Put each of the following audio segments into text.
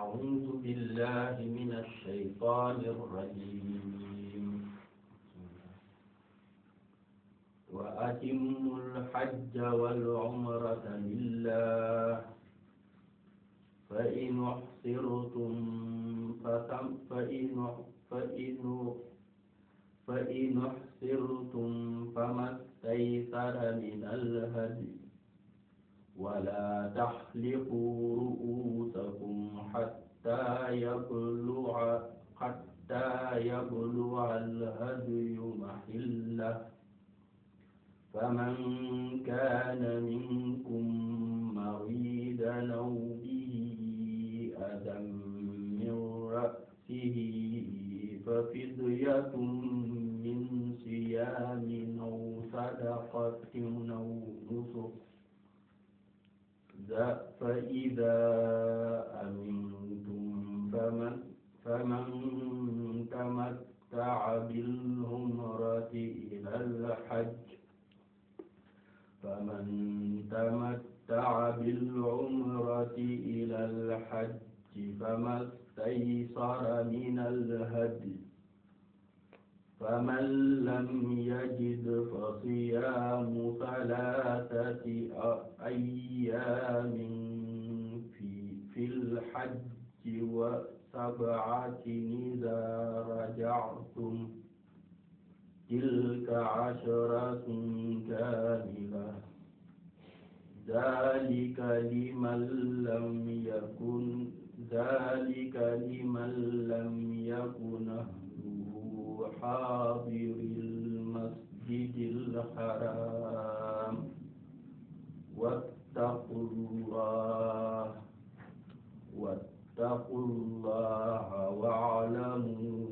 أعوذ بالله من الشيطان الرجيم وأتموا الحج والعمرة لله فإن أحصرتم فإن فإن فإن أحصرتم فما استيسر من الهدي ولا تحلقوا رؤوسكم حتى يبلغ حتى يبلغ الهدي محله فمن كان منكم مريدا أو به أذى من رأسه ففدية من صيام أو صدقة أو نسك فإذا أمنتم فمن, فمن تمتع بالعمرة إلى الحج فمن تمتع بالعمرة إلى الحج فما استيسر من الهدي فمن لم يجد فصيام ثلاثة أيام في في الحج وسبعة إذا رجعتم تلك عشرة كاملة ذلك لمن لم يكن ذلك لمن لم يكن حاضر المسجد الحرام واتقوا الله واتقوا الله واعلموا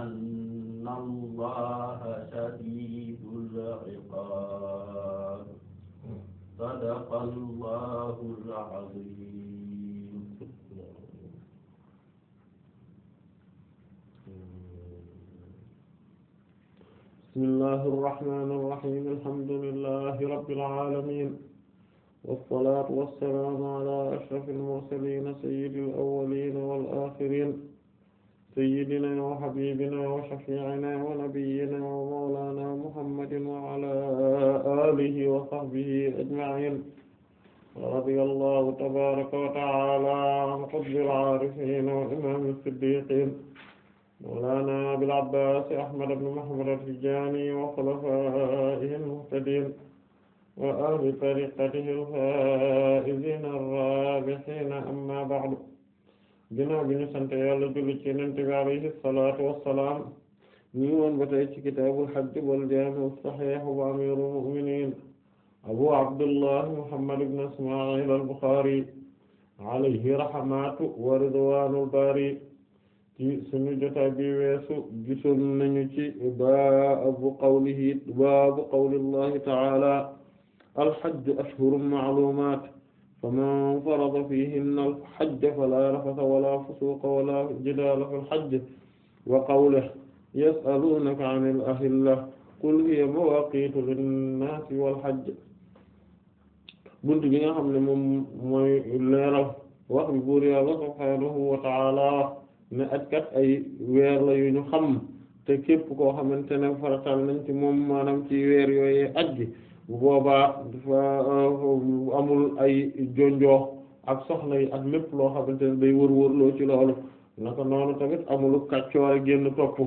أن الله شديد العقاب صدق الله العظيم bismillahi irrahmani irrahim alhamdulillahi rabbil alamin wassalatu wassalaamu ala ashrafil mursalin sayyidil awwalin wal akhirin sayyidina wa habibina wa shafi'ina wa nabiyyina wa mawlana muhammadin wa ala alihi wa sahbihi ajma'in radiyallahu tabaraka wa ta'ala an qutbil arifin wa imam as-siddiqin mawlana abil abbas ahmad ibn muhammad at-tijani wa khulafaihi al-muhtadin wa ahli tariqatihi al-faizina ar-rabihina amma ba'du ginnaaw bi ñu sant yàlla julli ci Yonent bi alayhi salatu wassalam ñu woon ba tey ci kitaabul hajj wal jaami' as-sahih wa amirul mu'minin abu abdullah muhammad ibn isma'il al-bukhari alayhi rahmatu wa ridwanul bari ci suñu jotaay bi weesu gisoon nañu ci baabu qawlihi baabu qawli llahi ta'ala alxajju ashhurun ma'luumaat faman farada fiihinna alxajja falaa rafasa walaa fusuuqa walaa jidaala fil xajji wa qawlihi yas'aluunaka anil ahilla qul hiya mawaaqiitu linnaasi wal xajj buntu bi nga xam ne moom mooy leeral wax bi buur yàlla subhaanahu wa ta'ala ne aj ay weer la yu ñu xam te képp koo xamante ne faratal nañ ci moom maanaam ci weer yooyee aj gi bu boobaa dafa euh, amul ay jonjoox ak soxna yi ak lépp loo xamante ne day wër loo ci loolu naka noonu tamit amulu kàccoore génn topp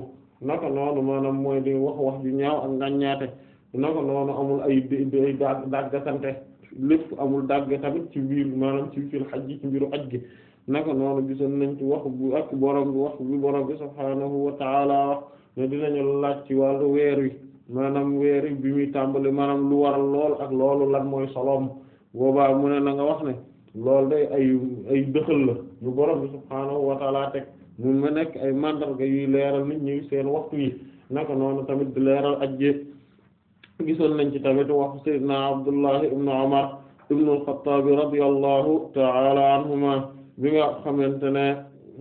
naka noonu maanaam mooy di wax wax ju ñaaw ak ngàññaate naka noonu amul ay ay dàggasante lépp amul dàgg tamit ci biir maanaam ci fil xaj gi ci mbiru aj gi naka noonu gisoon nañ ci wax bu ak borom bi wax bi borom bi subhaanahu wa ta'ala wax ne dinañu laaj ci wàllu weer wi maanaam weer wi bi muy tàmbali maanaam lu waral lool ak loolu lan mooy soloom boobaa mu ne nanga wax ne lool day ay ay dëxal la ñu borom bi subhaanahu wa ta'ala teg mu ma nekk ay mandarga yuy leeral nit ñi seen waxtu yi naka noonu tamit di leeral ajje gisoon nañ ci tamit wax sayyidina Abdullah ibnu Umar ibnu al-Khattab ta'ala bi nga xamante ne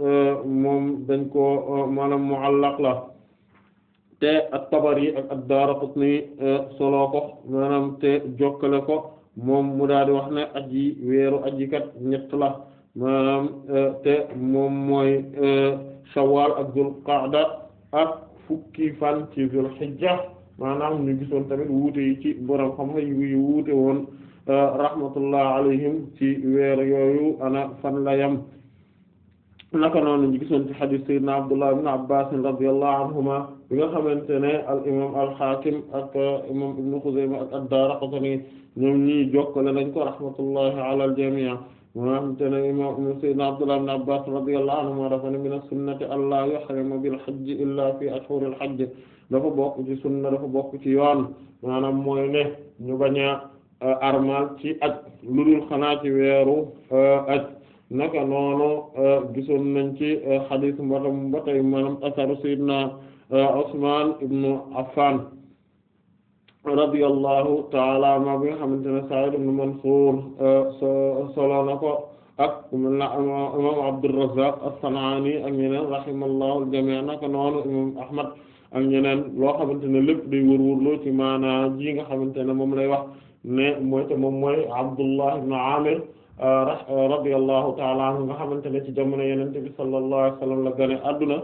euh, moom dañ ko euh, maanaam muallaq la te at-Tabari ak ad-Daraqutni euh, soloo ko maanaam te jokkale ko moom mu daal di wax ne aji weeru aji kat ñett la te moom mooy Shawwal ak Dhul Qa'da ak fukki fan ci Dhul Hijja maanaam ñu gisoon tamit wuute yi ci borom xam-xam yi wuute woon rahmatullah alayhim ci weer yooyu ana fan la yam naka noonu ñu gisoon ci xadis sayyidina Abdullah ibn Abbas radiyallahu anhuma bi nga xamante ne al imam al Hakim ak imam Ibn Khuzaymah ak ad-Daraqutni ñoom ñii jokkale nañ ko rahmatullahi ala al jami' moo xamante ne imam sayyidina Abdullah ibn Abbas radiyallahu anhuma dafa ne min as-sunnati an la yuhrima bil hajj illa fi ashhuril hajj dafa bokk ci sunna dafa bokk ci yoon maanaam mooy ne ñu baña Euh, armal ci aj lu dul xanaa ci weeru euh, aj naka noonu euh, gisoon ci xadiis mbatam ba tey maanaam asaru sayyidina Usmaan ibnu Affaan radiyallahu taala anhu bi nga xamante ne Sa'iid ibnu Mansuur solo na ko ak mel na imam Abdurrazzaq as-San'aani ak ñeneen rahimallahu al-jamii' naka noonu imam Ahmad ak loo xamante ne lépp day wër-wër ci maana ji nga xamante ne moom lay wax ne mooy te moom mooy Abdullah ibn Amir euh, euh, radiyallahu ta'ala nga xamante ne ci jamono yenente bi sallallahu alayhi la gane adduna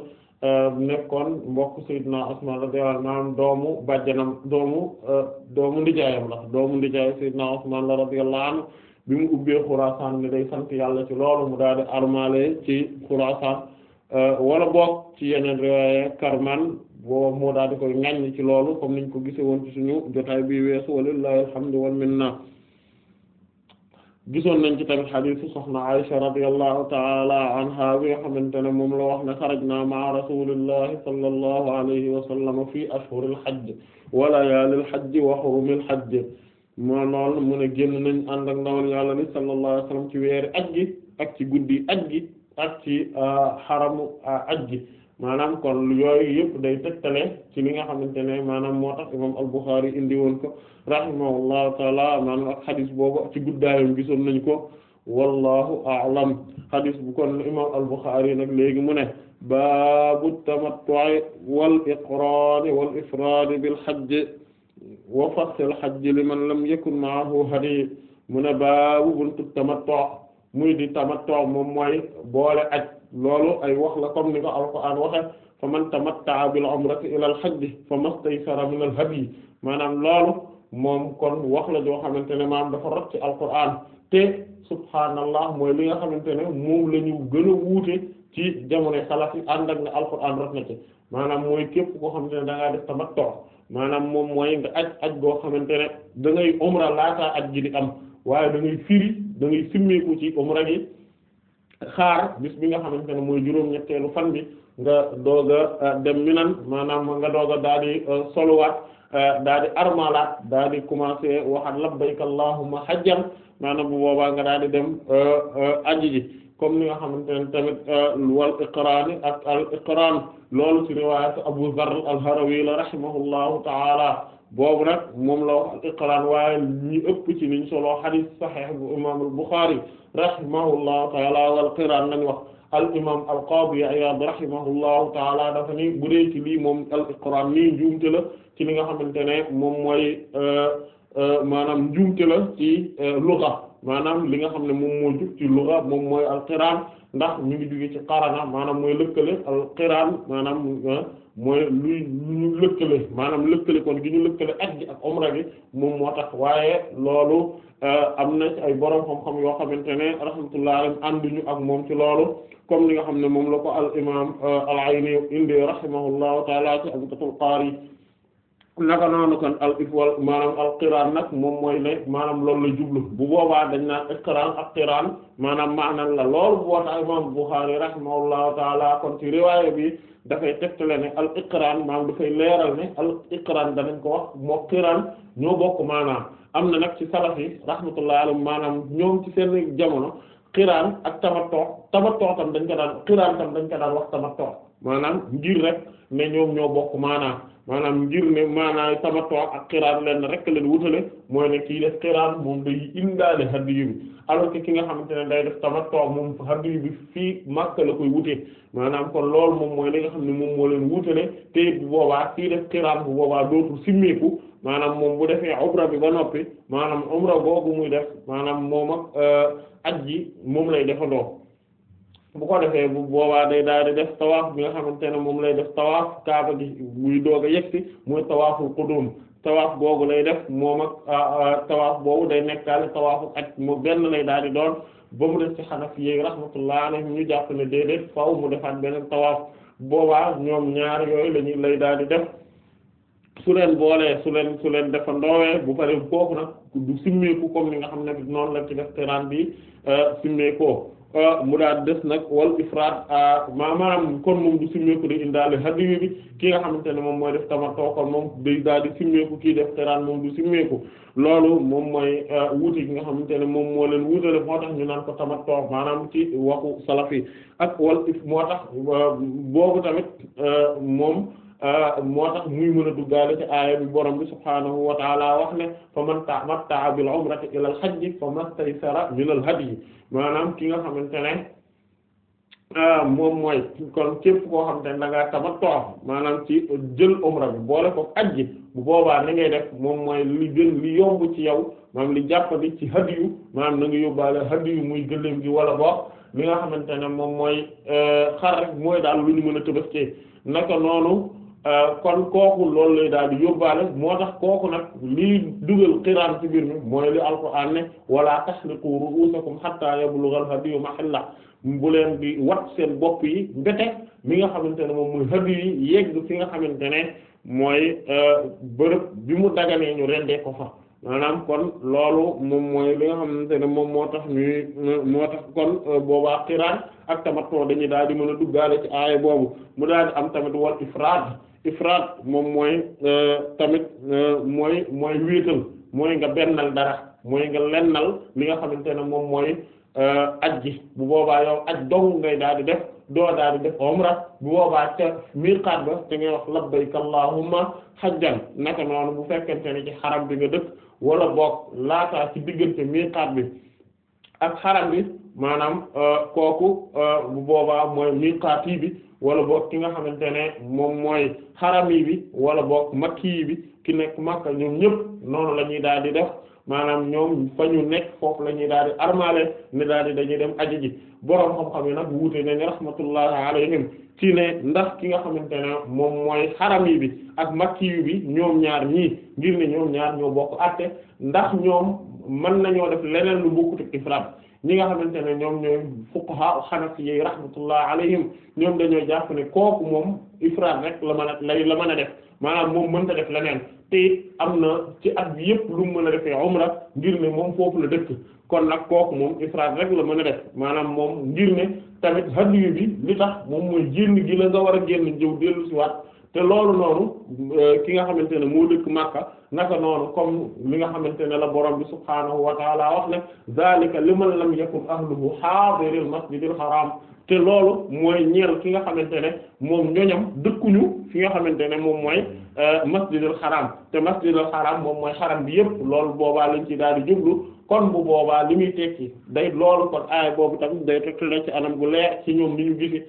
euh, nekkoon mbokk Seydina Usman radiyallahu anhu maanaam doomu bàjjanam doomu doomu ndijaayam la doomu ndijaay Seydina Usman la radiyallahu anhu bi mu ubbee Xuraasaan ni day sant yàlla ci loolu mu daal di ci Xuraasaan wala bokk ci yeneen riwaaye Karman booba moo daal di koy ŋaññi ci loolu comme niñ ko gisee woon ci suñu jotaay bi weesu walillahi alhamdu wal minna gisoon nañ ci tamit xadiisu soxna Aysa radiyallahu taala anha bi nga moom la wax ne xarajna ma'a rasulillahi sallallahu alayhi wa sallam fi ashhuril hajj wa layaalil hajj wa hurumil hajj moo lool mu génn nañ ànd ndawal yàlla ni sallallahu alayhi ci weeri aj ak ci guddi aj gi ak ci ah, xaramu ah, aj gi maanaam kon yooyu yëpp day tëkkale ci li nga xamante ne maanaam moo tax imam al-Bukhari indi woon ko rahimahullahu taala maanaam ak boobu ci guddaayam gisoon nañ ko wallahu a'lam xadis bu kon imam al-Bukhari nag léegi mu ne baabu tamattu'i wal iqrani wal ifradi bil hajj wa fasl hajj liman lam yakun ma'ahu hadi mu ne baabu buntu tamattu muy di tamattu moom mooy boole aj loolu ay wax la comme ni ko alquran waxe fa man tamatta'a bil umrati ila al hajj fa mastaysara min al yi maanaam loolu moom kon wax la joo xamante ne maanaam dafa rot ci alquran te subhaanallah mooy li nga xamante ne moom la ñu gën a ci jamonoy salaf yi ànd ak ne alquran rot na maanaam mooy képp koo xamante ne da maanaam moom mooy nga aj goo xamante ne da ngay umra laataa aj ji di am waaye da ngay firi da simmeeku ci umra gi xaar bis mi nga xamante ne mooy juróom-ñetteelu fan bi nga doog a euh, dem minan maanaam nga doog daal di euh, soluwaat euh, daal di armalaat daal di commencé waxat labbayka allahumma hajjan maanaam bu boobaa nga daal di dem aji ji comme ni nga xamante ne tamit wal iqraani ak al iqraan loolu ci riwaayat Abu Zarr al-Harawi la rahimahullahu taala boobu nag moom la wax al iqraan waaye ñi ëpp ci niñ soloo xadiis saxiix bu imaamul Buxaari rahimahullahu taala wal qiraan nañ wax al imam al qaadi Iyaad rahimahullahu taala dafa ni bu lii moom al quraan nii njuumte la ci li nga xamante ne moom mooy euh, euh, maanaam njuumte la ci euh, luga maanaam li nga xam ne moom moo jug ci luga moom mooy al ndax ñu ngi jóge ci qarana maanaam mooy lëkkale al qiraan maanaam mooy luy ñu lëkkale maanaam lëkkale kon gi ñu lëkkale ak gi ak umra gi moom moo tax waaye loolu euh, am na ci ay borom xam-xam yoo xamante ne rahmatullah alayhim ànduñu ak moom ci loolu comme li nga xam ne moom la ko al imam euh, al ayni indi rahimahullahu taala ci Umdatul Qaari naka noonu kon al ifwal maanaam al qiraan nag moom mooy ne maanaam loolu la jublu bu boobaa dañ naan iqraan ak qiraan maanaam maanaam la loolu bu wootaay imaam Buxaari rahimahullahu taala kon bi dafay tegtale ne al iqraan maanaam ne al iqraan danañ ko wax moo qiraan ñoo bokk maanaam am na nag ci salaf yi rahmatullahi alayhim maanaam ñoom ci seen jamono qiraan ak tamattu tamattu tam dañ ko daan qiraan tam dañ ko daan wax tamattu maanaam ngir rek ne ñoom ñoo bokk maanaam maanaam ngir ne maanaam tamattu ak xiraan leen rek leen wutale mooy ne kii def xiraan moom day indaale hadiyu bi alors que ki nga xamante ne day def tamattu moom hadiyu bi fii Makka la koy wutee maanaam kon lool moom mooy li nga xam ne moom moo leen wutale te bu boobaa kii def xiraan bu boobaa dootul simmeeku maanaam moom bu defee umra bi ba noppi maanaam umra googu muy def maanaam moom ak euh, aj ji moom lay defandoo bu ko defee bu boobaa day daal di def tawaaf bi nga xamante ne moom lay def tawaaf kaaba gi muy doog a yegsi muy tawaaful qudum tawaaf googu lay def moom ak tawaaf boobu day nekkaale tawaafu ak mu benn lay daal di doon ba mu def ci xanaf yi rahmatullah alayhim ñu jàpp ne déedéet faaw mu defaat beneen tawaaf boobaa ñoom ñaar yooyu lañuy lay daal di def su leen boolee su leen su leen defa ndoowee bu paree foofu nag du simmeeku comme ni nga xam ne noonu la ci def teraan bi euh, simmeekoo Euh, mu daal des nag wal ifraat euh, maanaam kon moom du simmeeku di indaale hadiyu bi ki nga xamante ne moom mooy def tamattu kon moom day daal di simmeeku kii def xiraan moom du simmeeku loolu moom mooy euh, wuute gi nga xamante ne moom moo leen wuutale moo tax ñu naan ko tamattu maanaam ci waxu salaf ak wal if moo tax boobu tamit moom Euh, moo tax muy mën a duggaale ci aaya bi borom bi subhaanahu wa taala wax ne fa man tamatta'a bil umrati ila al hajji fa mastaysara min al hadyi maanaam ki nga xamante ne euh, moom mooy kon képp koo xamante ne da ngaa tamattu maanaam ci jël umra bi boole ko aj bu boobaa ni ngay def moom mooy li gën li yomb ci yow maanaam li jàppandi ci hadiyu maanaam na nga yóbbaale hadiyu muy gëléem gi wala boo li nga xamante ne moom mooy euh, xar mooy daal lu ñu mën a tëbëskee naka noonu. Euh, kon kooku loolu lay daal di yóbbaale moo tax kooku nag lii dugal xiraan ci biir mi mooy li alxuraan ne wala tasliqu ru'usakum hatta yablugha al-hadyu mahalla bu leen di wat seen bopp yi mbete mi nga xamante ne moom muy hadyu yi yegg fi nga xamante ne mooy euh, bërëb bi mu daganee ñu rendee ko fa maanaam kon loolu moom mooy li nga xamante ne moom moo tax ñuy moo tax kon euh, boobaa xiraan ak tamattu dañuy daal di mën a duggaale ci aaya boobu mu daal di am tamit wal ifraad ifraat moom mooy euh, tamit euh, mooy mooy wéetal mooy nga bennal dara mooy nga lennal li nga xamante ne moom mooy euh, aj gi bu boobaa yow aj dong ngay daal di def doo daal di def umra bu boobaa ca miiqaat ba te ngay wax labbayka allahumma hajjan naka noonu bu fekkente ne ci xaram bi nga dëkk wala boog laata ci diggante miiqaat bi ak xaram bi maanaam euh, kooku euh, bu boobaa mooy miqaati bi wala boog ki nga xamante ne moom mooy xarami bi wala boog makki bi ki nekk Makka ñoom ñëpp noonu la ñuy daal di def maanaam ñoom fa nekk foofu la ñuy daal di armale ne dañuy dem aji ji boroom xam-xam yi nag wuute nañu rahmatullahi alayhim ci ne ndax ki nga xamante ne moom mooy xarami bi ak makki bi ñoom ñaar ñii ngir ne ñoom ñaar ñoo bokk àtte ndax ñoom mën nañoo def leneen lu bokkut ak ñi nga xamante ne ñoom ñooy fuqaha xanafi yi rahmatullah alayhim ñoom dañoo jàpp ne kooku moom ifraad rek la mën a la mën a def maanaam moom mënta def leneen te am na ci at bi yëpp lu mu mën a defee umra ngir ne moom foofu la dëkk kon nag kooku moom ifraad rek la mën a def maanaam moom ngir ne tamit hadiyu bi li tax moom mooy génn gi la nga war a génn jëw dellu si waat te loolu noonu euh, ki nga xamante ne moo dëkk Makka naka noonu comme mi nga xamante ne la borom bi subhaanahu wa taala wax ne zalika liman lam yakun ahluhu hadiril masjidil haram te loolu mooy ñeel ki nga xamante ne moom ñoñam dëkkuñu fi nga xamante ne moom mooy euh, masjidul haram te masjidul haram moom mooy haram bi yépp loolu boobaa lañ ci daal di jublu kon bu boobaa li muy tekki day loolu kon aay boobu tamit day tekki la ci anam gu leer ci ñoom ni ñu gisi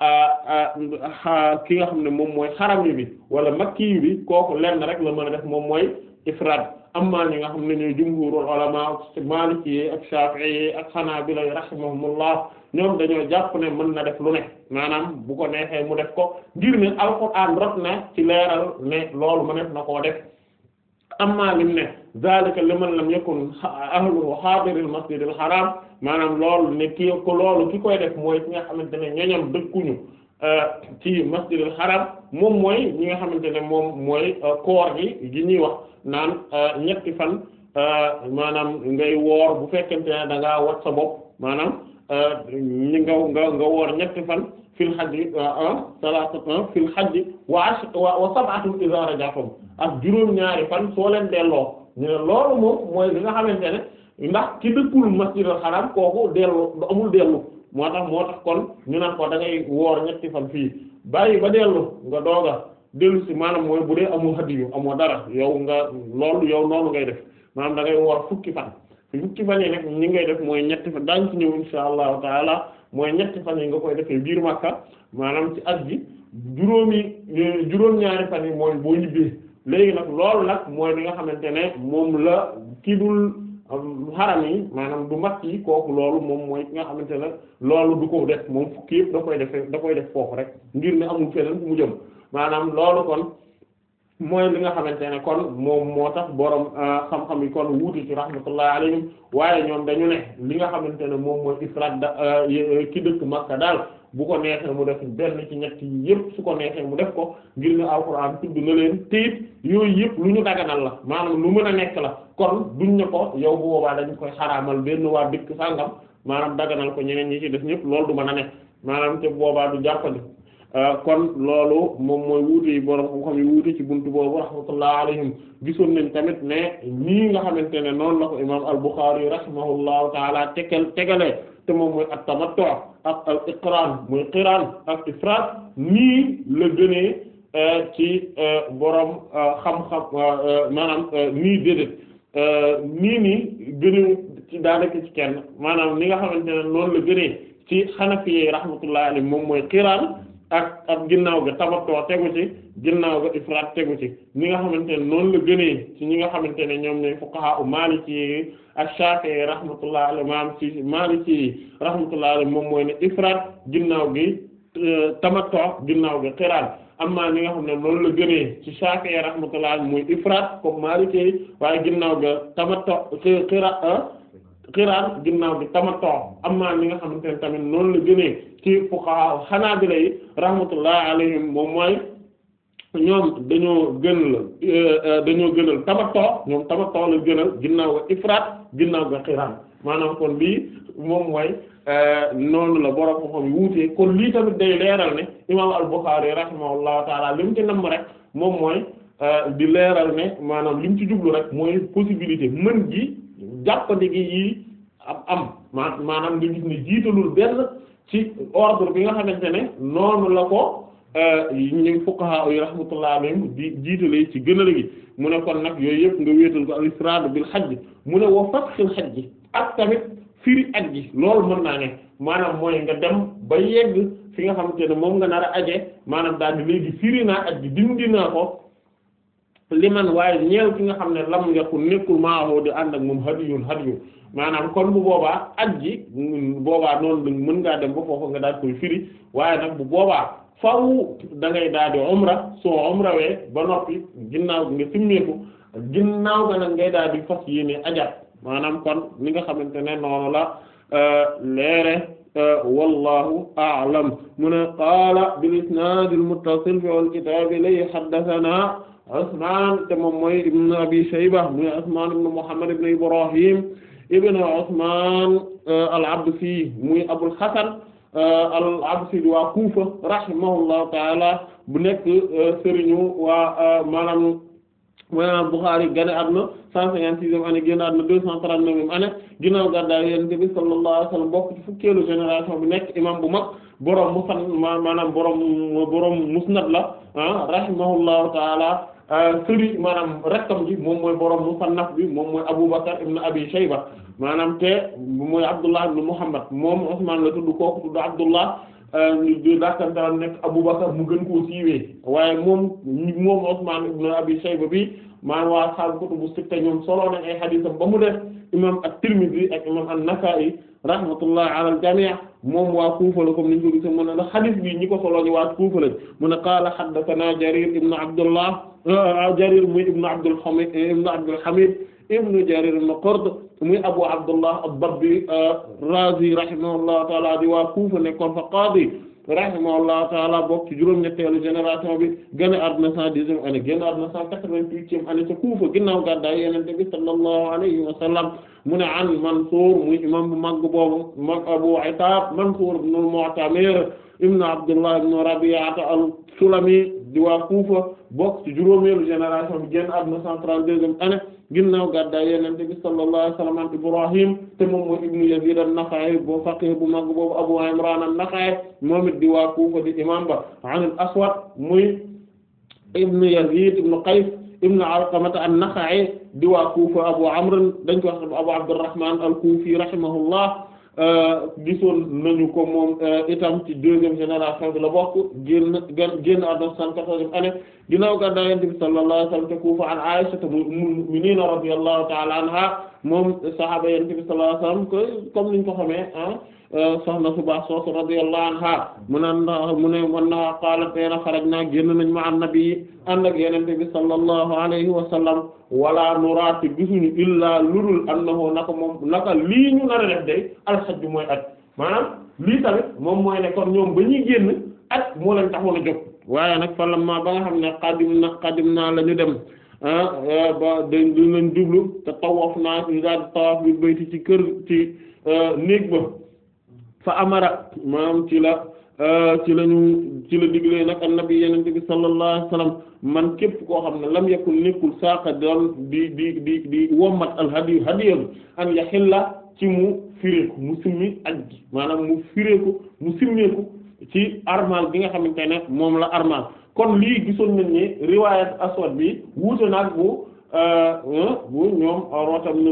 Ah, ah, ah, ki nga xam ne moom mooy xarami bi wala makki bi kooku leer lenn rek la mën a def moom mooy ifrad amma ñi nga xam ne ñooy jumhurul ulama maliki ak shafi'i ak hanabila rahimahumullah ñoom dañoo jàpp ne mën na def lu ne maanaam bu ko neexee mu def ko ngir ne alquran rot na ci leeral ne loolu mëneef na koo def amma lim ne zalika liman lam yakun ahluhu hadiril masjidil haram maanaam loolu ne ki ko loolu ki koy def mooy ki nga xamante ne ñoñam dëkkuñu euh, ci masjidil haram moom mooy ñi nga xamante ne moom mooy euh, koor gi gi ñuy wax naan euh, ñetti fan maanaam ngay woor bu fekkente ne da ngaa wat sa bopp maanaam ñi nga nga woor ñetti fan fil hajji ah salaatu fil hajji wa ash wa sab'atun idha raja'tum ak juróom-ñaari fan soo leen delloo ñu ne loolu moom mooy li nga xamante ne ndax ki dëkkul masjidul haram kooku delloo amul dellu moo tax moo tax kon ñu naan ko da ngay woor ñetti fan fii bàyyi ba dellu nga dooga dellu si maanaam mooy bu dee amoo hadiyu amoo dara yow nga loolu yow noonu ngay def maanaam da ngay woor fukki fan fukki fan yi nag ñu ngay def mooy ñetti fan daañu ci ñëw insha allahu taala. mooy ñetti fan yi nga koy defee biir Makka maanaam ci at bi juróomi eh, juróom-ñaari fan yi mooy boo ñibbee léegi nag loolu nag mooy li nga xamante ne moom la kii dul xaram yi maanaam du mat yi kooku loolu moom mooy ki nga xamante ne loolu du ko def moom fukki yëpp da koy defee da koy def foofu rek ngir ne amul feneen fu mu jëm maanaam loolu kon mooy li nga xamante ne kon moom moo tax borom euh, xam-xam yi kon wuute ci rahmatullahi waaye ñoom dañu ne li nga xamante ne moom mooy ifraat da euh, ki dëkk Makka daal bu ko neexee mu def benn ci ñett yi yëpp su ko neexee mu def ko ngir ne alxuraan tudd na leen te yooyu yëpp lu ñu daganal la maanaam lu mën a nekk la kon duñ ne ko yow bu boobaa dañu koy xaraamal benn waa dëkk sàngam maanaam daganal ko ñeneen ñi ci def ñëpp loolu du mën a ne maanaam te boobaa du jàppandi Euh, kon loolu moom mooy wuute yi xam-xam yi wuute ci buntu boobu rahmatullah alayhim gisoon nañ tamit ne nii nga xamante ne noonu la ko imaam al-Bukhari rahimahullahu taala tegal te moom mooy at-tamattu ak al-iqraan mooy qiraan ak ifraad nii la euh, ci euh, borom xam-xam maanaam nii déedéet nii nii gënewu ci daanaka ci kenn maanaam ni nga xamante ne noonu la gënee ci xanafi yi moom mooy qiraan. ak ak ginnaaw ga tamatoo tegu ci ginnaaw ga ifraat tegu ci ñi nga xamante ne noonu la gënee ci ñi nga xamante ne ñoom ñooy fuqaha u maliki yi ak shafi'i rahmatullah alayhi ci maliki yi rahmatullah alayhi moom mooy ne ifraat ginnaaw gi euh, tamatoo ginnaaw ga am amma ñi nga xam ne noonu la gënee ci shafi'i rahmatullah alayhi mooy ifraat comme maliki yi waaye ginnaaw ga tamatoo xira xiraan ginnaaw bi tamattu amma li nga xamante ne tamit noonu la gënee ci fuqaha xanaabila yi rahmatullah alayhim moom mooy ñoom dañoo gënal euh, dañoo gënal tamattu ñoom tamattu la gënal ginnaaw ga ifraat ginnaaw ga xiraan maanaam kon lii moom mooy euh, noonu la borom xam-xam yi wuutee kon lii tamit day leeral ne imaam al-Bukhari rahimahullahu taala li mu ci namm rek moom mooy euh, di leeral ne maanaam li mu ci jublu rek mooy possibilité mën gi jàppandi gi yi am am maanaam nga gis ne jiitalul benn ci ordre bi nga xamante ne noonu la ko euh, ñu fuqaha yi rahmatullah alayhim di jiitalee ci gënal gi mu ne kon nag yooyu yëpp nga wéetal ko al bil hajj mu ne wa fatxil gi ak tamit firi ak gi loolu mën naa ne maanaam mooy nga dem ba yegg fi nga xamante ne moom nga nar a aje maanaam daal di léegi firi naa aj gi dindi naa ko li man waaye ñeel ki nga xam ne lam yakun nekkul maahoo di ànd ak moom hadiyun hadiyun maanaam kon bu boobaa aj ji boobaa noonu mën ngaa dem ba foofu nga daal koy firi waaye nag bu boobaa faw dangay ngay daal di umra soo umrawee ba noppi ginnaaw nga simmeeku ginnaaw ga nag ngay daal di fas yéene ajat maanaam kon li nga xamante ne noonu la euh, leere wallahu a'lam mu ne qaala bil isnaad al muttasil fi al kitaab lay haddathana Usmaan te moom mooy ibn Abi Shayba muy Usmaan ibn Muhammad ibn Ibrahim ibn Usmaan al-Absi muy Abul Hasan al-Absi waa Kufa rahimahullahu ta'ala bu nekk sëriñu waa maanaam maanaam Bukhari gane àdduna cent cinquante-sixième année génn àdduna deux cent trente-neuvième année ginnaaw gàddaay Yonent bi sallallahu alayhi wa sallam bokk ci fukkeelu génération bi nekk imam bu mag borom musnad la ah rahimahullahu taala ah, sëriñ maanaam rekkam ji moom mooy borom musannaf bi moom mooy Abu Bakr ibn Abi Shayba maanaam te mooy Abdullah ibn Muhammad moom Usman la tudd kooku tudd Abdullah di euh, daakantaram nekk Aboubacar mu gën koo siiwee waaye moom moom Usman ibn Abi Shayba bi maanaam waa sahabu kutubu sitta ñoom solo nañ ay xadiisam ba mu def imam at-Tirmidhi ak imam an-Nasa'i rahmatullah ala al-jami' moom waa Kufa la comme niñ ko gisee mu ne la bi ñi ko solo ñu waa Kufa la mu ne qaala haddathana Jarir ibn Abdullah Jarir muy ibn Abdul Hamid ibn Abdul ibn Qurt muy Abu Abdullah ad-Dabbi euh, Razi rahimahullahu taala di waa Kufa nekkoon fa qaadi rahimahullahu taala bokk ci juróom-ñetteelu génération bi gën a àdduna cent dixième année génn àdduna cent quatre-vingt-huitième année ca Kufa ginnaaw gàddaay Yonent bi sallallahu mu ne an Mansuur muy imam bu mag boobu moom Abu Itaab Mansuur ibn al-Mu'tamir ibn Abdullah ibn Rabi'a Sulami di waa Kufa bokk ci juróomeelu génération bi génn àdduna 132e année ginnaaw gàddaay Yonent bi sallallahu alayhi wa sallam an Ibrahim te moom mooy ibnu Yazid an-Nakha'i bu faqih bu mag boobu Abu Imran an-Nakha'i moom it di waa Kufa di imam ba an al-Aswad muy ibnu Yazid ibnu Qays ibnu Alqamata an-Nakha'i di waa Kufa Abu Amr dañ ko wax Abu Abdurrahman al-Kufi rahimahullah Euh, gisoon nañu ko moom euh, itam ci deuxième génération bi la bokk génn génn àdduna cent quatorzième année ginnaaw gàddaa yonent bi sallallahu alayhi wa sallam ca Kufa an Aisha ummul mu'minin radiyallahu ta'ala anha moom sahaaba yonent bi sallallahu wa sallam que comme niñ ko xamee ah, euh, soxna su baax soosu radiyallahu anha mu naan mu ne man na qaalat na xarajna génn nañ ma annabi yi bi sallallahu alayhi wa sallam wala nuraati gisuñu illaa lurul annahu naka moom naka lii ñu nar a def day alxajju mooy at maanaam lii tamit moom mooy ne kon ñoom ba ñuy génn at moo leen taxoon a jóg waaye nag falamma ba nga xam ne xadim na xadim naa lañu dem ah, ah, ba dañ leen jublu te tawaf naa ñu daal tawaf bi bayti ci kër ci ah, néeg ba fa amara maanaam ci la ci lañu ci la diglee nag annabi yenente bi sallallahu alayhi wasallam man képp koo xam ne lam yakul nekkul saaka doon di di di di wommat al hadiyu hadiyam an yaxilla ci mu firéeku mu simmi aj gi maanaam mu firéeku mu simmeeku ci armal bi nga xamante ne moom la armal kon lii gisoon nañ ni riwaayat aswad bi wuute nag bu euh, bu ñoom Urwata ibn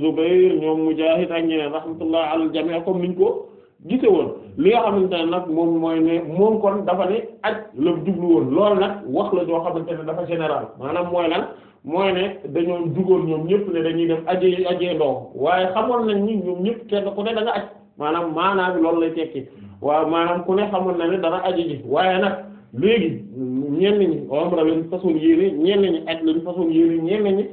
Zubayr ñoom Mujaahid ak ñeneen rahmatullah alal jamii comme niñ ko gise woon li nga xamante ne nag moom mooy ne moom kon dafa ne aj la jublu woon loolu nag wax la joo xamante ne dafa général maanaam mooy lan mooy ne dañoo jugoon ñoom ñëpp ne dañuy dem aje ajee ndoo waaye xamoon nañ ni ñoom ñëpp kenn ku ne da nga aj maanaam maanaa loolu lay tekki waaw maanaam ku ne xamoon na ne dana aji ji waaye nag léegi ñenn ñi umra lañ façon yéene ñenn ñi aj lañ façon yéene ñenn ñi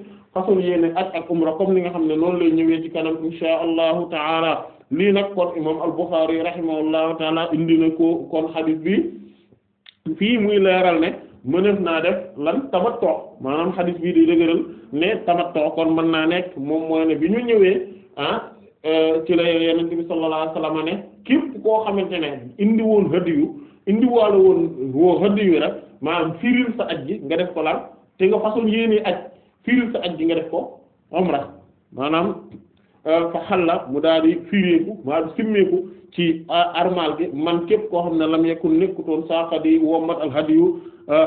aj ak umra comme li nga xam ne noonu lay ñëwee ci kanam insha allahu taala lii nag kon imam al-Bukhari rahimahullahu taala indi na ko kon xadis bi fii muy leeral ne mëneef naa def lan tamattu maanaam xadis bii di dëgëral ne tamattu kon mën naa nekk moom mooy ne bi ñu ñëwee ah, Euh, ci la yonent bi sallallahu alayhi wasallam ne képp koo xamante ne indi woon hëdd yu indi waale woon woo hëdd rek maanaam firil sa aj ji nga def ko laal te nga façon yéene aj firil sa aj ji nga def ko umra maanaam euh, fa xalla mu daal di firéeku maanaam simmeeku ci euh, armal gi man képp koo xam ne lam yakun nekkutoon saaqadi wommat alhadiyu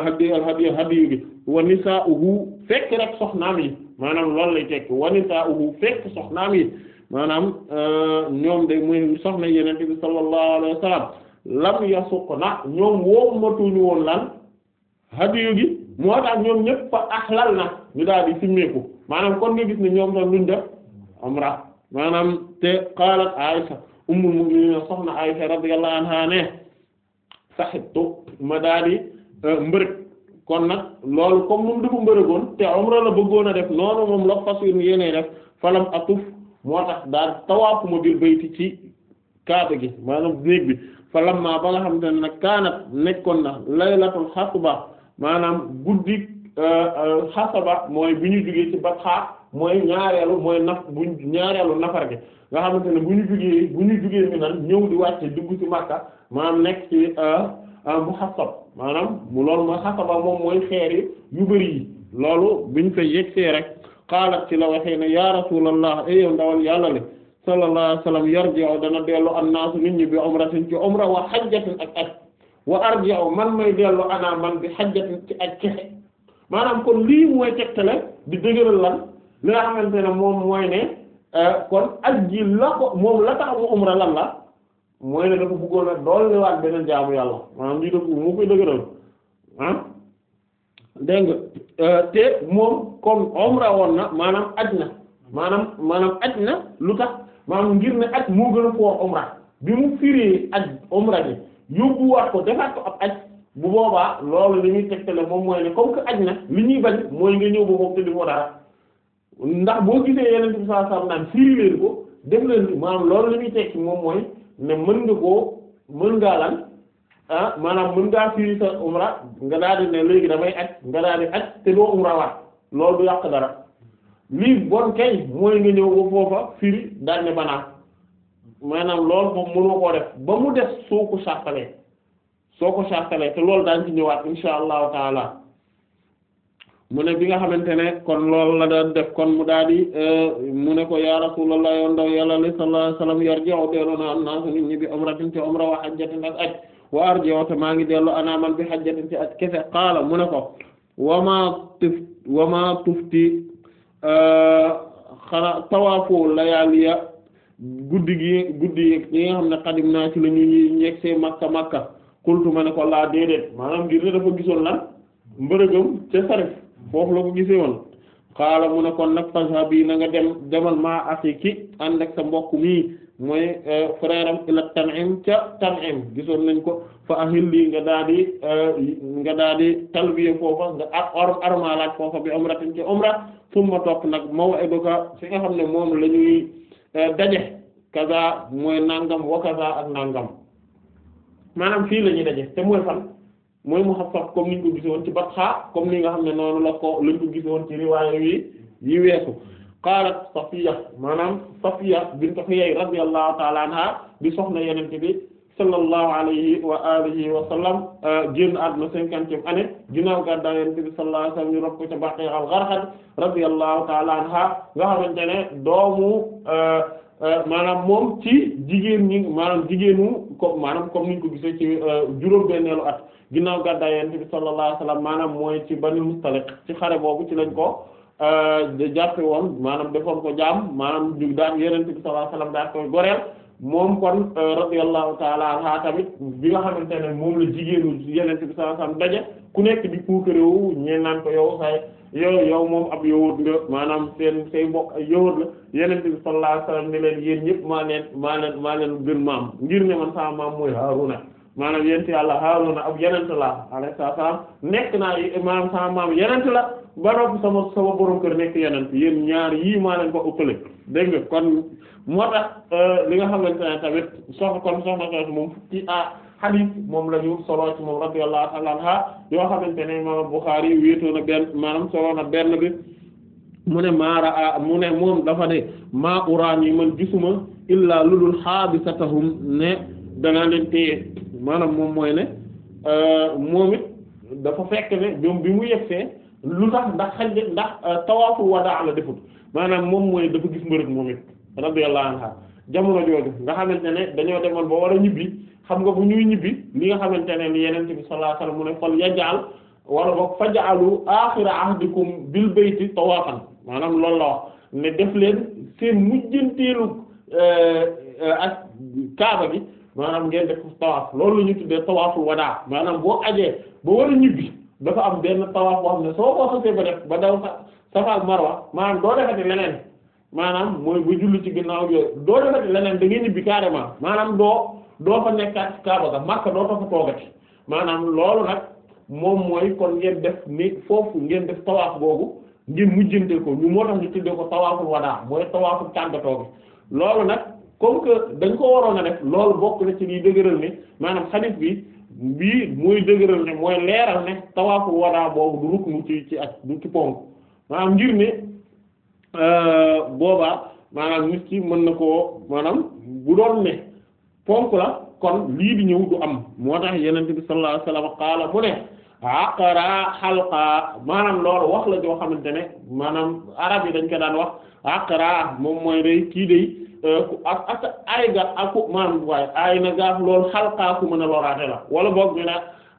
hadi alhadiyu hadiyu bi wa nisaa'uhu fekk rek soxnaam yi maanaam loolu lay tekk wa nisaa'uhu fekk soxnaam yi maanaam euh, ñoom de muy soxna yenente bi sallallahu alayhi wa sallam lam yasuqna ñoom wommatuñu woon lan hadiyu gi moo tax ñoom ñëpp fa ahlal na ñu daal di simmeeku maanaam kon nga gis ne ñoom sax luñ def umra maanaam te qalat Aisha ummul mu'minin soxna Aisha radiyallahu anha ne saxittu ma daal di euh, mbërëg kon nag loolu comme moom dafa mbërëgoon te umra la bëggoon a def noonu moom la fas yéenee def falam atuf moo tax daal tawaafuma bil bayti ci kaaba gi maanaam néeg bi fa lamma ba nga xam ne nag kaanat nekkoon na laylatul xasba maanaam guddi euh, euh, xasaba mooy bi ñu jugee ci batxaa mooy ñaareelu mooy naf bu ñaareelu nafar gi nga xamante ne bu ñu jugee bu ñu jugee mi nan ñëw di wàcce dugg ci Makka maanaam nekk ci euh, mu xasab maanaam mu loolu mooy xasaba moom mooy xeer yu bari yi loolu biñ koy yegsee rek xaalat ci la waxee ya rasulallah ayow ndawal yàlla le sallallahu alayhi wa sallam yarji'u dana dellu annaasu nit ñi bi umratin ci umra wa hajjatin ak aj wa arji'u man may dellu ana man bi hajjatin ci cexe maanaam kon lii mooy tegtale di dëgëral lan li nga xamante moom mooy ne eh, kon aj la ko moom la tax umra lan la mooy ne dafa bëggoon a dool liwaat jaamu yàlla maanaam lii daf moo koy dëgëral ah dégg nga euh, te moom comme omra woon na maanaam aj na maanaam maanaam aj na lu tax maanaam ngir ne aj moo gën a foor omra bi mu firee aj omra bi yóbbuwaat ko defaat ko ab aj bu boobaa loolu li te tegtale moom mooy ne comme que aj na li ñuy bañ mooy nga ñëw ba moom te defoo ndax boo gisee yeneen bi sallallahu alayhi wasallam naan firi leen ko def leen maanaam loolu li ñuy tekki moom mooy ne mën nga koo mën ngaa lan Ah, maanaam mën ngaa firi sa umra nga daal di ne léegi damay aj nga daal di aj te doo umra waat loolu du yàq dara lii bon kay mooy nga ñëw foofa firi daal ne banaa maanaam loolu moom mënoo koo def ba mu def soo ko sartalee soo ko sartalee te loolu daal ci ñëwaat insha allahu taala mu ne bi nga xamante ne kon lool la daan def kon mu daal di eh, mu ne ko ya rasulallah yoon ndaw yàlla sallallahu alayhi wasallam yarji'u am naa su nit ñi bi umratin umra wa hajjatin ak aj wa arji'u maa ngi dellu ana man bi hajjatin ci at kese qaala mu ne ko wamaa tuf wamaa tufti euh, xana tawaafu layaaliya guddi gi guddi yi nga xam ne xadim naa ci la ñu ñegsee makka makka qultu ma ne ko laa déedéet maanaam ngir ne dafa gisoon lan mbërëgam ca sarif foofu la ko gisee woon xaala mu ne kon nag fasa bii na nga dem demal maa axi ki ànd sa mbokk mi mooy euh, frère am ila Tan'im ca Tan'im gisoon nañ ko fa ahilli nga daa di euh, nga daa di foofa nga ar armalaat foofa bi umratin ci umra summa topp nag maw'iduka fi nga xam ne moom la euh, daje kaza mooy nangam wa kaza ak nangam maanaam fii la ñuy daje te mooy fan mooy muhassab comme niñ ci Batha comme ni nga xam ne noonu la ko lañ ko gisoon ci riwaaya yi yi weesu qaalat Safiya maanaam Safiya bint Huyay radiyallahu ta'ala anha di soxna Yonent bi sallallahu alayhi wa alihi wa sallam euh, génn àdduna cinquantième année ginnaaw gàddaay Yonent bi sallallahu alayhi wa sallam ñu rob ko ca Baqi al nga xamante ne doomu euh, euh, maanaam moom ci jigéen ñi maanaam jigéenu comme maanaam comme niñ ko gisee ci juróom-benneelu at ginnaaw gàddaay Yonent bi sallallahu alayhi wa maanaam mooy ci Banu Mustaliq ci xare boobu ci lañ ko Euh, jàppe woon maanaam defoon ko jaam maanaam ju daan yenente koy goreel moom kon euh, radiyallahu taala anha tamit bi nga xamante ne moom la jigéenu yenente bi sallallahu daje ku nekk di puukaréewu ñeen naan ko yow say yow yow moom ab yowóot nga maanaam seen say mbokk ay la yenente bi sallallahu alayhi wasallam ne leen yéen ñëpp maa leen gën maam ngir ne man sama maam mooy Haaruna maanaam yent yàlla Haaruna ab yenente la alayhi salaam nekk naa maanaam sama maam yenente la ba noppi sama sama borom kër nekk yeneen yéen ñaar yii maa leen ko ëppale dégg nga kon moo tax euh, li nga xamante ne tamit soxna kon soxna soxna moom ci a hadith moom yoo xamante ne imaam Bukhari wéetoo benn mu ne maara a dafa ne yi man gisuma illaa ludul xaabisatahum ne danaa leen téye maanaam moom mooy ne euh, moom it dafa fekk ne bi mu yegsee lu tax ndax xaj ndax euh, tawaaful wadaa la defut maanaam moom mooy dafa gis mbërëg moom it radiyallahu anha jamono jooju nga xamante ne dañoo demoon ba war a ñibbi xam nga bu ñuy ñibbi li nga xamante ne ni yeneen bi sallallahu alayhi mu ne fal yajaal wala ba fajaalu aaxira ahdikum bil bayti tawaafan maanaam loolu la wax ne def leen seen mujjanteelu euh, euh, ak kaaba gi maanaam ngeen def tawaaf loolu ñu tuddee tawaaful wadaa maanaam boo ajee ba war a ñibbi dafa am benn tawaaf boo xam ne soo ko xasee ba def ba daw sa Safa ak Marwa maanaam doo defati leneen maanaam mooy bu julli ci ginnaaw yooyu doo defati leneen da ngay ñibbi carrément maanaam doo doo fa nekkaat ci Kaaba ga doo fa fa toogati maanaam loolu nag moom mooy kon ngeen def ni foofu ngeen def tawaaf boobu ngeen mujjante ko ñu moo tax ñu tuddee ko tawaaful wadaa mooy tawaaful tàggatoo bi loolu nag comme que dañ ko waroon a def loolu bokk na ci liy dëgëral maanaam xadiis bi. bii muy dëgëral ne mooy leeral ne tawaaful wadaa boobu du ruknu ci ci ak du ci ponk maanaam ngir ne euh, boobaa maanaam nit ki mën na koo maanaam bu doon ne ponk la kon lii bi ñëw du am moo tax yenente bi sallallahu alayhi wasallam mu ne aqra xalqa maanaam loolu wax la joo xamante ne maanaam arab yi dañ ko daan wax aqra moom mooy day kii day Euh, ak ak aay ga aku maanaam waaye aay na gaaf loolu xalqaaku mën a loraate la wala boog ñu ne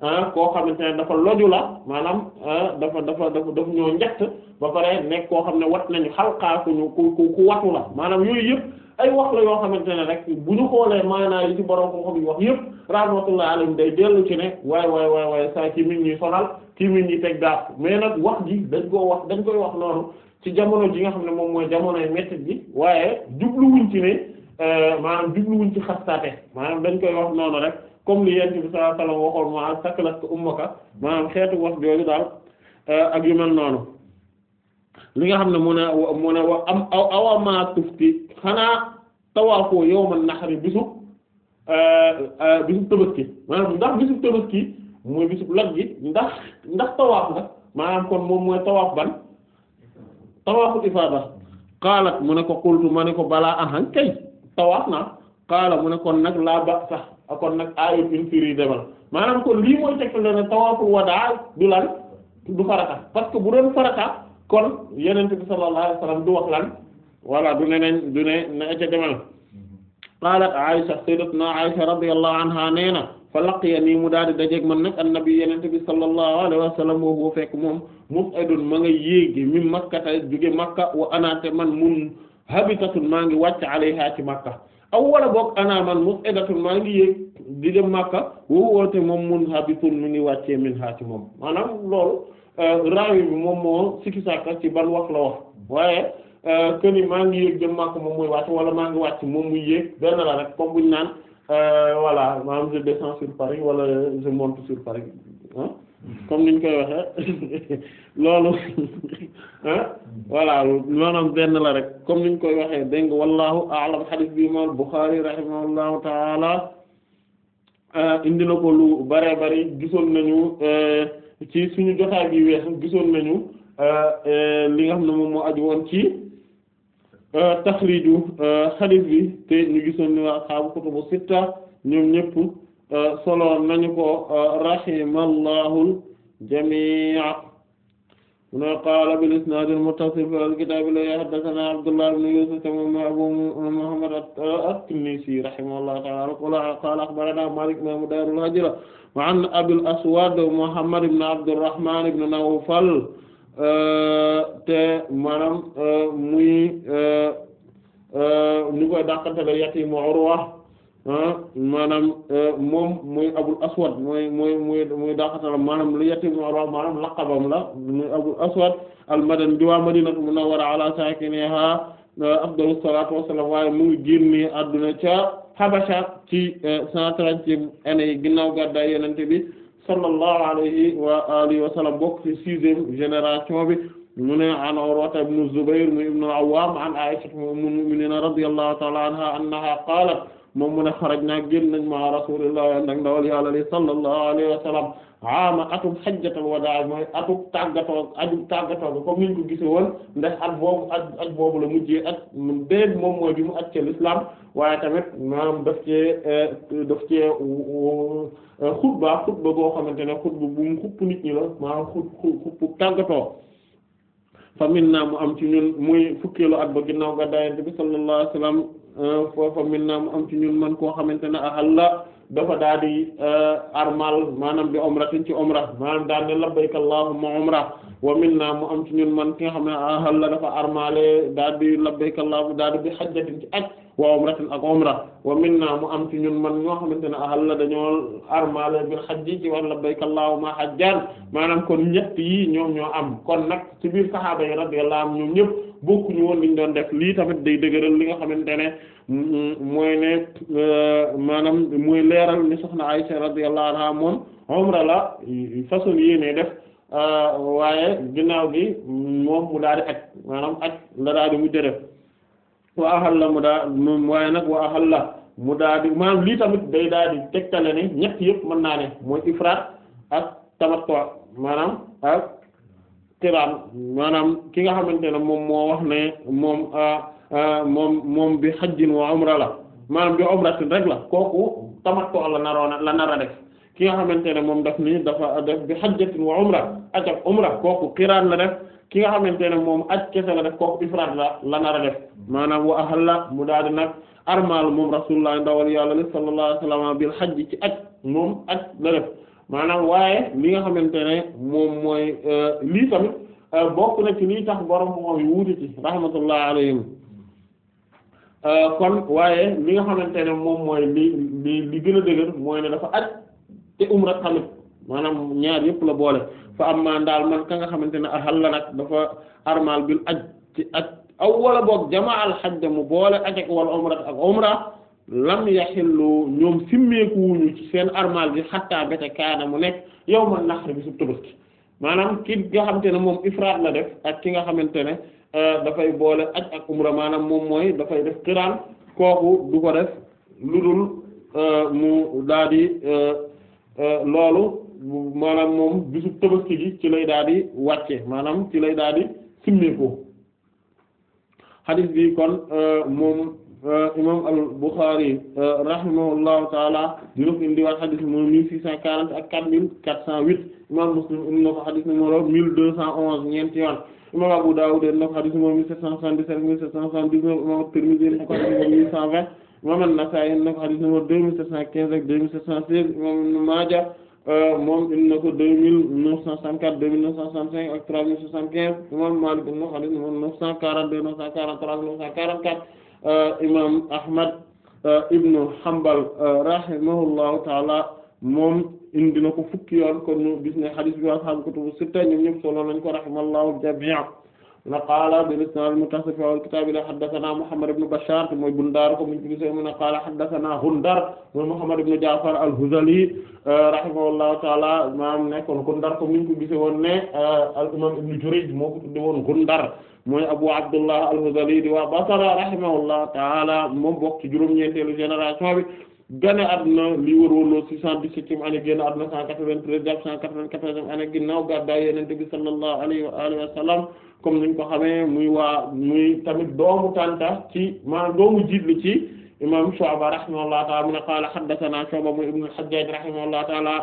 ah, koo xamante ne dafa loju la maanaam ah, dafa dafa dafa daf ñoo njett ba pare nekk koo xam ne wat nañu xalqaaku ñu ku ku ku watu la maanaam yooyu yëpp ay wax la yoo xamante ne rek bu ñu xoolee maanaa yi ci borom ko xam yi wax yëpp rahmatullahi alayhi day dellu ci ne waay waay waay waay saa ci mit ñi sonal ci mit ñi teg daaf mais nag wax ji dañ koo wax dañ koy wax noonu ci jamono ji nga xam ne moom mooy jamonoy mettit bi waaye jubluwuñ ci ne euh, maanaam jubluwuñ ci xastaate maanaam dañ koy wax noonu rek comme li yent bi sallallahu alayhi wasallam waxoon ma saklatka ummaka maanaam xeetu wax jooju daal euh, ak yu mel noonu li nga xam ne mu ne mu ne wa am aw awama tufti xanaa tawaafoo yawman euh, ndax bisu tabaski mooy bisu lag gi ndax ndax tawaaf nga maanaam kon moom mooy tawaaf ban tawaafu ifaada qaalat mu ne ko qultu ma ne ko balaa ahan kay tawaaf naa qaala mu ne kon nag laa ba sax akon nag ayu bin firi demal maanaam kon lii mooy tegtal ne tawaaful wadaa du lan du farata parce que bu doon farata kon yenente bi sallallahu alayhi du wax lan voilà du ne nañ ne na demal qaalat Aisha sayyidatuna Aisha radiyallahu anha nee fa laqiya nii mu daal di dajeeg man nag annabi yenente bi sallallahu alayhi wa sallam wa huwa fekk moom moom aydun ma nga yéegi min makkata jóge makka wa anaate man mun habitatun maa ngi wàcc alayha ci makka aw wala boog ana man mus edatun maa ngi yéeg di dem makka wa huwa te moom mun habitun mi ngi wàccee min ha ci moom maanaam loolu euh, raawi bi moom moo sikki sàkka ci ban wax la wax waaye euh, que maa ngi yéeg dem makka moom muy wàcc wala maa ngi wàcc moom mu yéeg benn la rek comme naan Euh, voilà maanaam je descends sur Paris wala je monte sur Paris ah comme niñ koy waxee loolu ah voilà maanaam benn la rek comme niñ koy waxee dégg nga wallahu a'lam hadith bi imam Bukhari rahimahullahu ta'ala euh, indi na ko lu bare bari gisoon nañu euh, ci suñu jotaay yi weex gisoon nañu li nga xam ne moom moo aju woon ci Euh, taxriju euh, xadis bi te ñu gisoon ni waa ashaabu kutubu sitta ñoom ñëpp euh, solo nañu ko rahimallahu jami'a mu ne qaala bil isnaad al muttasil fi al kitaab la haddasanaa Abdullah ibn Yuusuf te moom Abu Muhammad at-Tinnisi rahimahullahu ta'aala qaala axbaranaa Maalik imaamu daaril hijra wa an Abil Aswad Muhammad ibn Abdurrahmaan ibn Nawfal te maanaam e, muy e, e, ñu koy dàqantele yatiimu Urwa maanaam moom muy Abul Aswad mooy mooy muy muy dàqantele maanaam lu yatiimu Urwa maanaam laqabam la muy Abul Aswad al-Madani di waa Madinatu Munawwara ala saakiniha afdalu salaatu wassalaam waaye mu ngi génne àdduna ca Habasha ci cent trentième année yi ginnaaw gàddaay bi sallallahu alayhi wa alihi wa sallam bokk ci sixième génération bi mu ne an Urwata ibn Zubayr mu ibn al-Awwam an Aisha ummul mu'minin radiyallahu ta'ala anha annaha qalat moom mu ne xaraj naa génn nañ ma rasulullah and ak ndawal yàlla li sallallahu alayhi wa sallam ama atum xajjatal mooy atum tàggatoo atum tàggatoo comme ko gise woon at boobu at at la mujjee at déeg moom mooy bi mu at ca l'islam waaye tamit maanaam daf cee eh, daf cee eh, xutba xutba goo xamante ne xutba bu mu xupp nit ñi la maanaam xup xupp tàggatoo fa naa mu am ci ñun muy fukkeelu at ba ginnaaw gàddaay bi sallallahu alayhi Euh, foofa min naa mu am ci ñun man koo xamante ne ahalla dafa daal di euh, armal maanaam bi umratin ci umra maanaam daal ne labbayka allahumma umra wa min naa mu am ci ñun man ki nga xam ne ahalla dafa armale daal di labbayka allahumma daal di bi hajjatin ci aj wa umratin ak umra wa min naa mu am ci ñun man ñoo xamante ne ahalla dañoo armale bil hajji ci wa labbayka allahumma hajjan maanaam kon ñett yi ñoom ñoo am kon nag ci biir sahaaba yi radiyallahu anhum ñoom ñëpp bokkuñu woon liñ doon def lii tamit day dëgëral li nga xamante ne mooy ne euh, maanaam muy leeral ni soxna Aysa radiyallahu anha moom umra euh, ginnaaw gi moom mu daal di aj maanaam aj la daal di mujj def wa ahalla mu daa waaye nag wa ahalla mu daal di maanaam lii tamit day daal di tegtale ne ñett yëpp mën naa ne mooy ifraat ak tamattu maanaam xiraan maanaam ki nga xamante ne moom moo wax ne moom ah, ah, moom moom bi xajjin wa umra la maanaam bi umratin rek la kooku tamattu la naroona la nar a def ki nga xamante ne moom def ni dafa def bi xajjatin wa umra aj ak umra kooku xiraan la def ki nga xamante ne moom aj kese la def kooku ifraat la la nar def maanaam wa ahalla mu daal di nag armal moom rasulullah ndawal yàlla sallallahu alayhi wasallam bil xajji ci aj moom aj la def maanaam waaye li nga xamante ne moom mooy euh, lii tamit euh, bokk na ci lii tax borom moom yi wuute ci alayhim euh, kon waaye li nga xamante ne moom mooy li li li gën a dëgër mooy ne dafa aj te umra tamit maanaam ñaar yëpp la boole fa am maa ndaal man ka nga xamante ne ahal la nag dafa armal bil aj ci aj aw wala boog jamaa al de mu boole aj ak wal umra ak umra lam lu ñoom simmeekuwuñu seen armal bi xattaa bete kaana mu nekk yawma nahr bi su tabaski maanaam ki nga xamante ne moom ifraat la def ak ki nga xamante ne euh, dafay boole aj ak umra maanaam moom mooy dafay def xiraan kooku du ko def lu dul euh, mu daal di euh, loolu maanaam moom bisu tabaski ci lay daal di wàcce maanaam ci lay daal di simmeekoo xadis bi kon moom Euh, imam al-Bukhari euh, rahimahullahu taala dina ko indi waat xadis numéro mille six cent quarante ak quatre mille quatre cent huit imam Muslim indi na ko xadis deux cent onze ñeenti yoon imam Abu Dawud indi na ko xadis sept cent dix sept mille sept cent dix neuf imam Tirmidhi indi cent vingt imam an-Nasa'i indi na deux mille sept cent quinze deux mille sept cent seize imam Ibn Maaja euh, moom deux mille neuf cent quarante-deux neuf neuf cent quarante Euh, imam Ahmad euh, ibn Hanbal euh, rahimahullahu taala moom indi na ko fukki yoon kon ñu gis ne hadith bi ashaabu kutubu sitta ñoom ñëpp solo lañ ko rahimallahu jami'a na qaala bil isnaad al-muttasil fi awwal kitaab la haddathana Muhammad ibn Bashar mooy Bundar ko muñ gise mu ne qaala haddathana Gundar mooy Muhammad ibn Ja'far al-Hudhali rahimahullahu ta'ala maam nekkoon Gundar ko muñ ko gise woon ne al-imam Ibn Jurayj moo ko tudde woon Gundar mooy Abu Abdullah al-Hudhali di waa Basra rahimahullahu ta'ala moom bokk ci juróom-ñeenteelu génération bi gane àdduna li wër wërloo six cent dix-septième année génn àdduna cent quatre-vingt-treize jàpp cent quatre-vingt-quatorzième bi sallallahu alayhi wa alihi wa sallam comme niñ ko xamee muy waa tamit doomu tanta ci maanaam doomu jiitlu ci imam Shu'ba rahimahullahu ta'ala mu ne qaala haddathana Shu'ba muy ibnu al-Hajjaj rahimahullahu ta'ala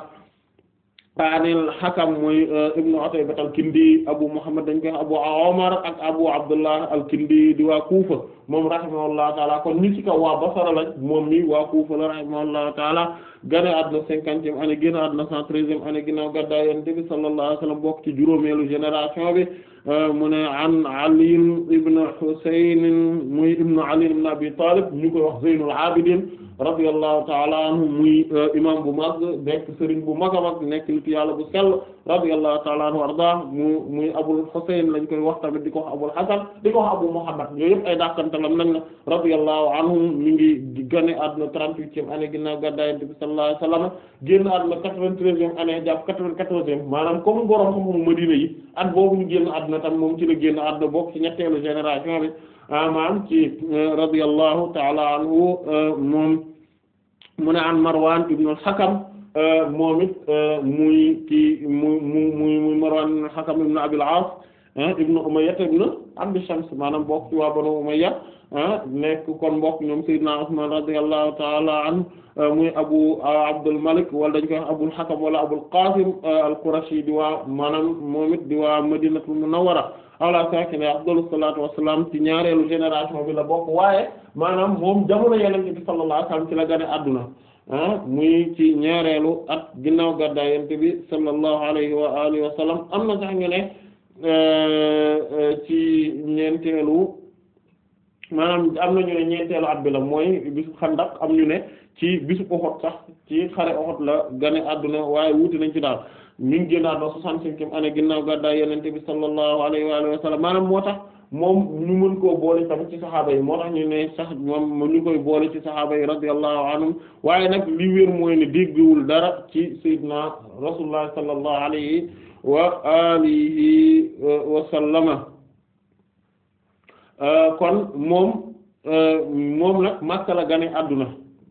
anil Hakam muy uh, ibnu Utaybah al-Kindi Abu Muhammad dañ koy Abu Umar ak Abu Abdullah al-Kindi di waa Kufa moom rahimahullahu taala kon ñi ci kaw waa Basra lañ moom mi waa Kufa la rahimahullahu taala gane àdduna cinquantième année génn àdduna cent treizième année ginnaaw gàddaay Yonent bi sallallahu alayhi wa sallam bokk ci juróomeelu génération bi euh, mu ne an Ali ibn Husayn muy ibn Ali ibn Abi Talib ñu koy wax Zaynul Abidin radiyallahu taala anhu muy euh, imam bu mag nekk sëriñ bu mag a mag nekk nitu yàlla bu sell radiyallahu ta'ala anhu arda mu muy Abul Husayn lañ koy waxtaan bi di ko wax Abul Hasan di ko wax Abu Muhammad yooyu yëpp ay dàqantalam lañ la radiyallahu anhum mi ngi gane àdduna trente-huitième année ginnaaw gàddaay Yonent bi sallallahu alayhi wasallam génn àdduna quatre-vingt-treizième année jàpp quatre-vingt-quatorzième maanaam comme borom xam-xamu Madina yi at boobu ñu génn àdduna tam moom ci la génn àdduna bokk ci ñetteelu génération bi ah, maanaam ci euh, radiyallahu ta'ala anhu euh, moom mu ne an Marwan ibn al moom it euh, muy kii mu mu mu muy Marwan ibn Hakam ibn Abil Aas ibn Umayya ibn Abd Shams maanaam bokk ci waa Banu Umayya nekk kon mbokk ñoom Seydina Usman radiyallahu ta'ala anhu euh, muy Abu euh, Abdul Malik wala dañ koy wax Abul Hakam wala Abul Qasim al-Qurashi di waa maanaam moom di waa Madinatul Munawwara ala sakina afdalu salaatu wassalaam ci ñaareelu génération bi la bokk waaye maanaam moom jamono Yonent bi sallallahu alayhi wasallam ci la gane adduna muy ci ñaareelu at ginnaaw gàddaay yonent bi sallallahu alayhi wa alihi wa sallam am na sax ñu ne euh, euh, ci ñeenteelu maanaam am na ñu ne ñeenteelu at la mooy bisu xandak am ñu ne ci bisu Uhud sax ci xare Uhud la gane àdduna waaye wuute nañ ci daal mi ngi génn àdduna soixante-cinquième année ginnaaw gàddaay yonent bi sallallahu alayhi wa alihi wa sallam maanaam moo tax moom ñu mën koo boole tamit ci saxaaba yi moo tax ñu ne sax moom ñu koy boole ci saxaaba yi radiyallahu anhum waaye nag li wér mooy ne dégguwul dara ci sayyidina rasulullah sallallahu alayhi wa alihi wa sallama euh, kon moom euh, moom nag Makka la gane àdduna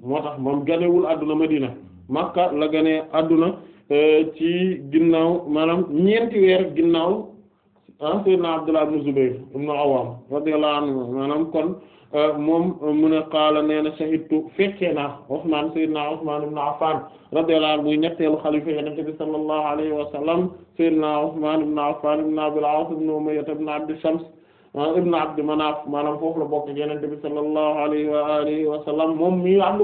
moo tax moom ganewul adduna Madina Makka la gane àdduna euh, ci ginnaaw maanaam ñeenti weer ginnaaw ah sayyidna Abdullah ibn Zubayr ibn al-Awwam radiyallahu anhu maanaam kon ah, moom mu ne qaala nee na shahidtu fekkee naa Usmaan sayyidna Usmaan ibn Affaan radiyallahu anhu muy ñetteelu xalifa Yonent bi sallallahu alayhi wa sallam sayyidna Usmaan ibn Affaan ibn Abil Aas ibn Umayya ibn Abdi Shams ah, ibn Abdi Manaaf maanaam foofu la bokk Yonent bi sallallahu alayhi wa alihi wa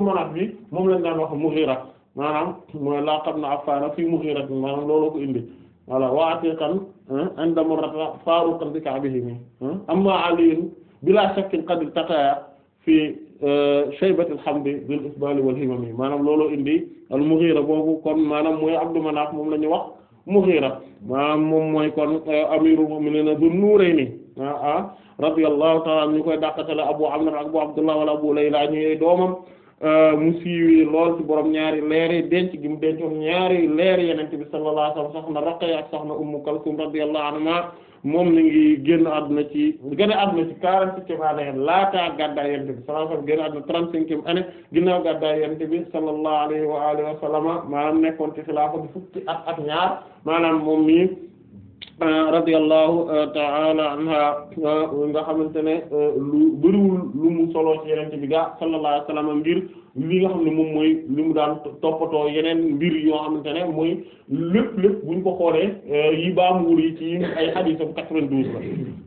Manaaf bi moom lañ daan wax Mughira maanaam mooy laqab na Affaan fi Mughira maanaam looloo ko indi voilà wa atiqan inda murrata faruqan bi ka'bihi amma aliyun bila shakkin qad taqaya fi euh, shaybati alhamdi bil isbali wal himami maanaam looloo indi al Mughira boobu kon maanaam mooy Abdu Manaf moom la ñu wax Mughira maanaam moom mooy kon euh, amirul mu'minina dun nurayni ah, ah radiyallahu ta'ala ñu koy dàqatale Abu Amr ak Abu Abdullah wala Abu Layla ñuy doomam Euh, mu siiwee lool ci borom ñaari leer denc gi mu dencoon ñaari leer yenente bi sallallahu alayhi wa sallam soxna Ruqayya ak soxna Ummu Kalsum radiyallahu anhuma moom na ngi génn àdduna ci génn àdduna ci quarante-septième année laataa gàddaay yenente bi sallallahu alayhi wa sallam génn àdduna trente-cinquième année ginnaaw gàddaay yenente bi sallallahu alayhi wa alihi wa sallama maanaam nekkoon ci xilaafa bi fukki at ak ñaar maanaam moom mii radiyallahu ta'ala anha nga xamante ne lu bariwul lu mu solo ci yenente bi ga sallallahu alayhi wa sallam ngir li nga xam ne moom mooy li mu daan toppatoo yeneen mbir yoo xamante ne mooy lépp lépp bu ñu ko xoolee euh, yi baamuwul yi ci ay xadiisam 92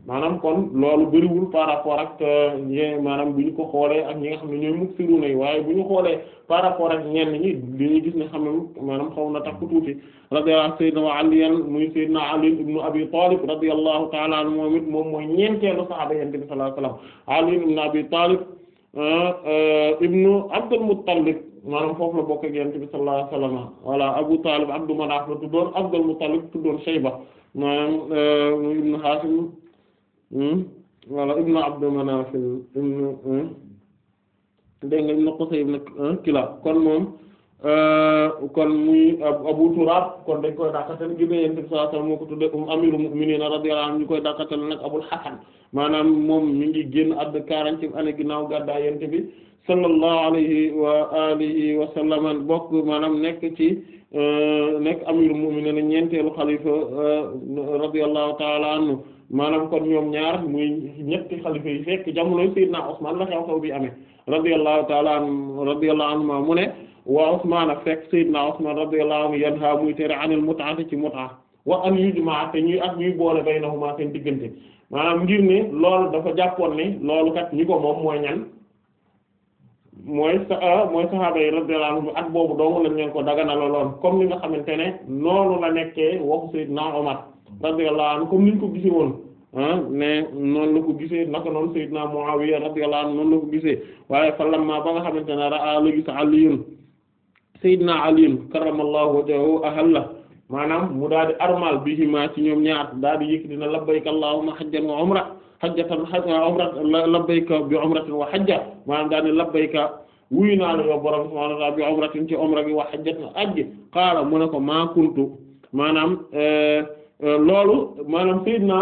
maanaam kon loolu bëriwul par rapport ak euh, ñe maanaam bu ñu ko xoolee ak ñi nga xam ne ñooy mukk siru na waaye bu ñu xoolee par rapport ak ñenn ñi dañuy gis ne xam ne maanaam xaw na takku tuuti radiyallahu sayyidina Ali muy sayyidina Ali ibn Abi Talib radiyallahu ta'ala anhu moom it moom mooy ñeenteelu saxaaba yonent bi sallallahu alayhi wa sallam Ali Abi Talib Ah, ah, ibnu Abdul Muttalib maanaam foofu la bokk ak Yonent bi Abu Talib Abdu Manaf la tuddoon Abdul Muttalib tuddoon Shayba maanaam ah, ibnu Hashim hmm, voilà ibnu Abdu Manaf ibnu hmm, dégg ibnu Qusay ibnu Kilab kon moom Euh, kon muy Abu Turab kon de koy dàqatal gi Yonent bi sallallahu alayhi wasallam moo ko tudde um amirul mu'minin radiyallahu anhu ñu koy dàqatal nag moom mi ngi génn àdduna quarantième année ginnaaw gàddaa Yonent bi sallallahu alayhi wa alihi wa sallam bokk maanaam nekk ci euh, nekk amirul euh, maanaam kon ñoom ñaar muy ñetti xalifa yi fekk jamono Sayyidina Usman la xew xew bi amee radiyallahu ta'ala mu ne wa Usmaan ak fekk Seydina Usmaan radiyallahu anhu yanha muy tere anil mut'ati ci mut'a wa an yujma te ñuy boole ñuy boole baynahuma seen diggante maanaam ngir ne loolu dafa jàppoon ne loolu kat ñi ko moom mooy ñan mooy sa ah, mooy sahaaba yi radiyallahu anhum ak boobu dong lañ leen ko daganaloon comme ni nga xamante ne noonu la nekkee waxu Seydina Umar radiyallahu anhu comme niñ ko gisee woon ah, ne noonu la ko gisee naka noonu Seydina Muawiya radiyallahu anhu noonu la ko gisee waaye fa ba nga xamante ne raa la gis Seydina Ali karramallahu wajhahu ahalla maanaam mu daal di armal bihima ci ñoom ñaar daal di yëkkati na labbayka allahumma hajjan wa umra hajjatan wa umra labbayka bi umratin wa hajja maanaam daal labbayka wuyu naa la yow borom subhaanahu wa ta'aala bi umratin ci umra bi wa hajjatan ajji qaala mu ne ko maa kuntu maanaam eh, eh, loolu maanaam Seydina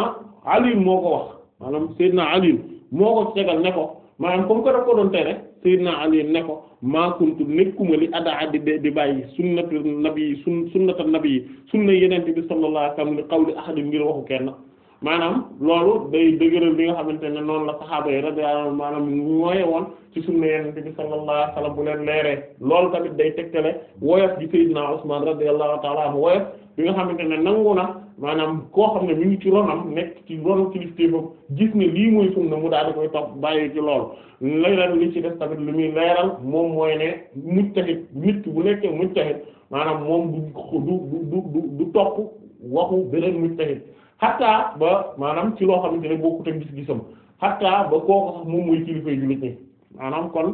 Ali moo ko wax maanaam Seydina Ali moo ko tegal ne ko maanaam comme que daf na Seydina Ali ne ko maa kuntu nekkuma li adaa di di bàyyi sunnatu nabi sun sunnata nabi sunna yenente bi sallallahu alayhi wa sallam li qawli ahadin ngir waxu kenn maanaam loolu day dëgëral li nga xamante ne noonu la saxaaba yi radiyallahu anhum maanaam mooye woon ci sunna yenente bi sallallahu alayhi wa sallam bu leen leeree loolu tamit day tegtale woyof gi Seydina Usman radiyallahu ta'ala anhu woyof bi nga xamante ne nangu na maanaam koo xam ne mi ngi ci ronam nekk ci ronam kilifteefam gis ne lii mooy sunna mu daal di koy topp bàyyi ci loolu leneen li ci def tamit lu muy leeral moom mooy ne mujtahid nit ki bu nekkee mujtahid maanaam moom du du du du du topp waxu beneen mujtahid xataa ba maanaam ci loo xam ne bokkut ak gis-gisam xataa ba kooku sax moom mooy kilifa jullit ñi maanaam kon.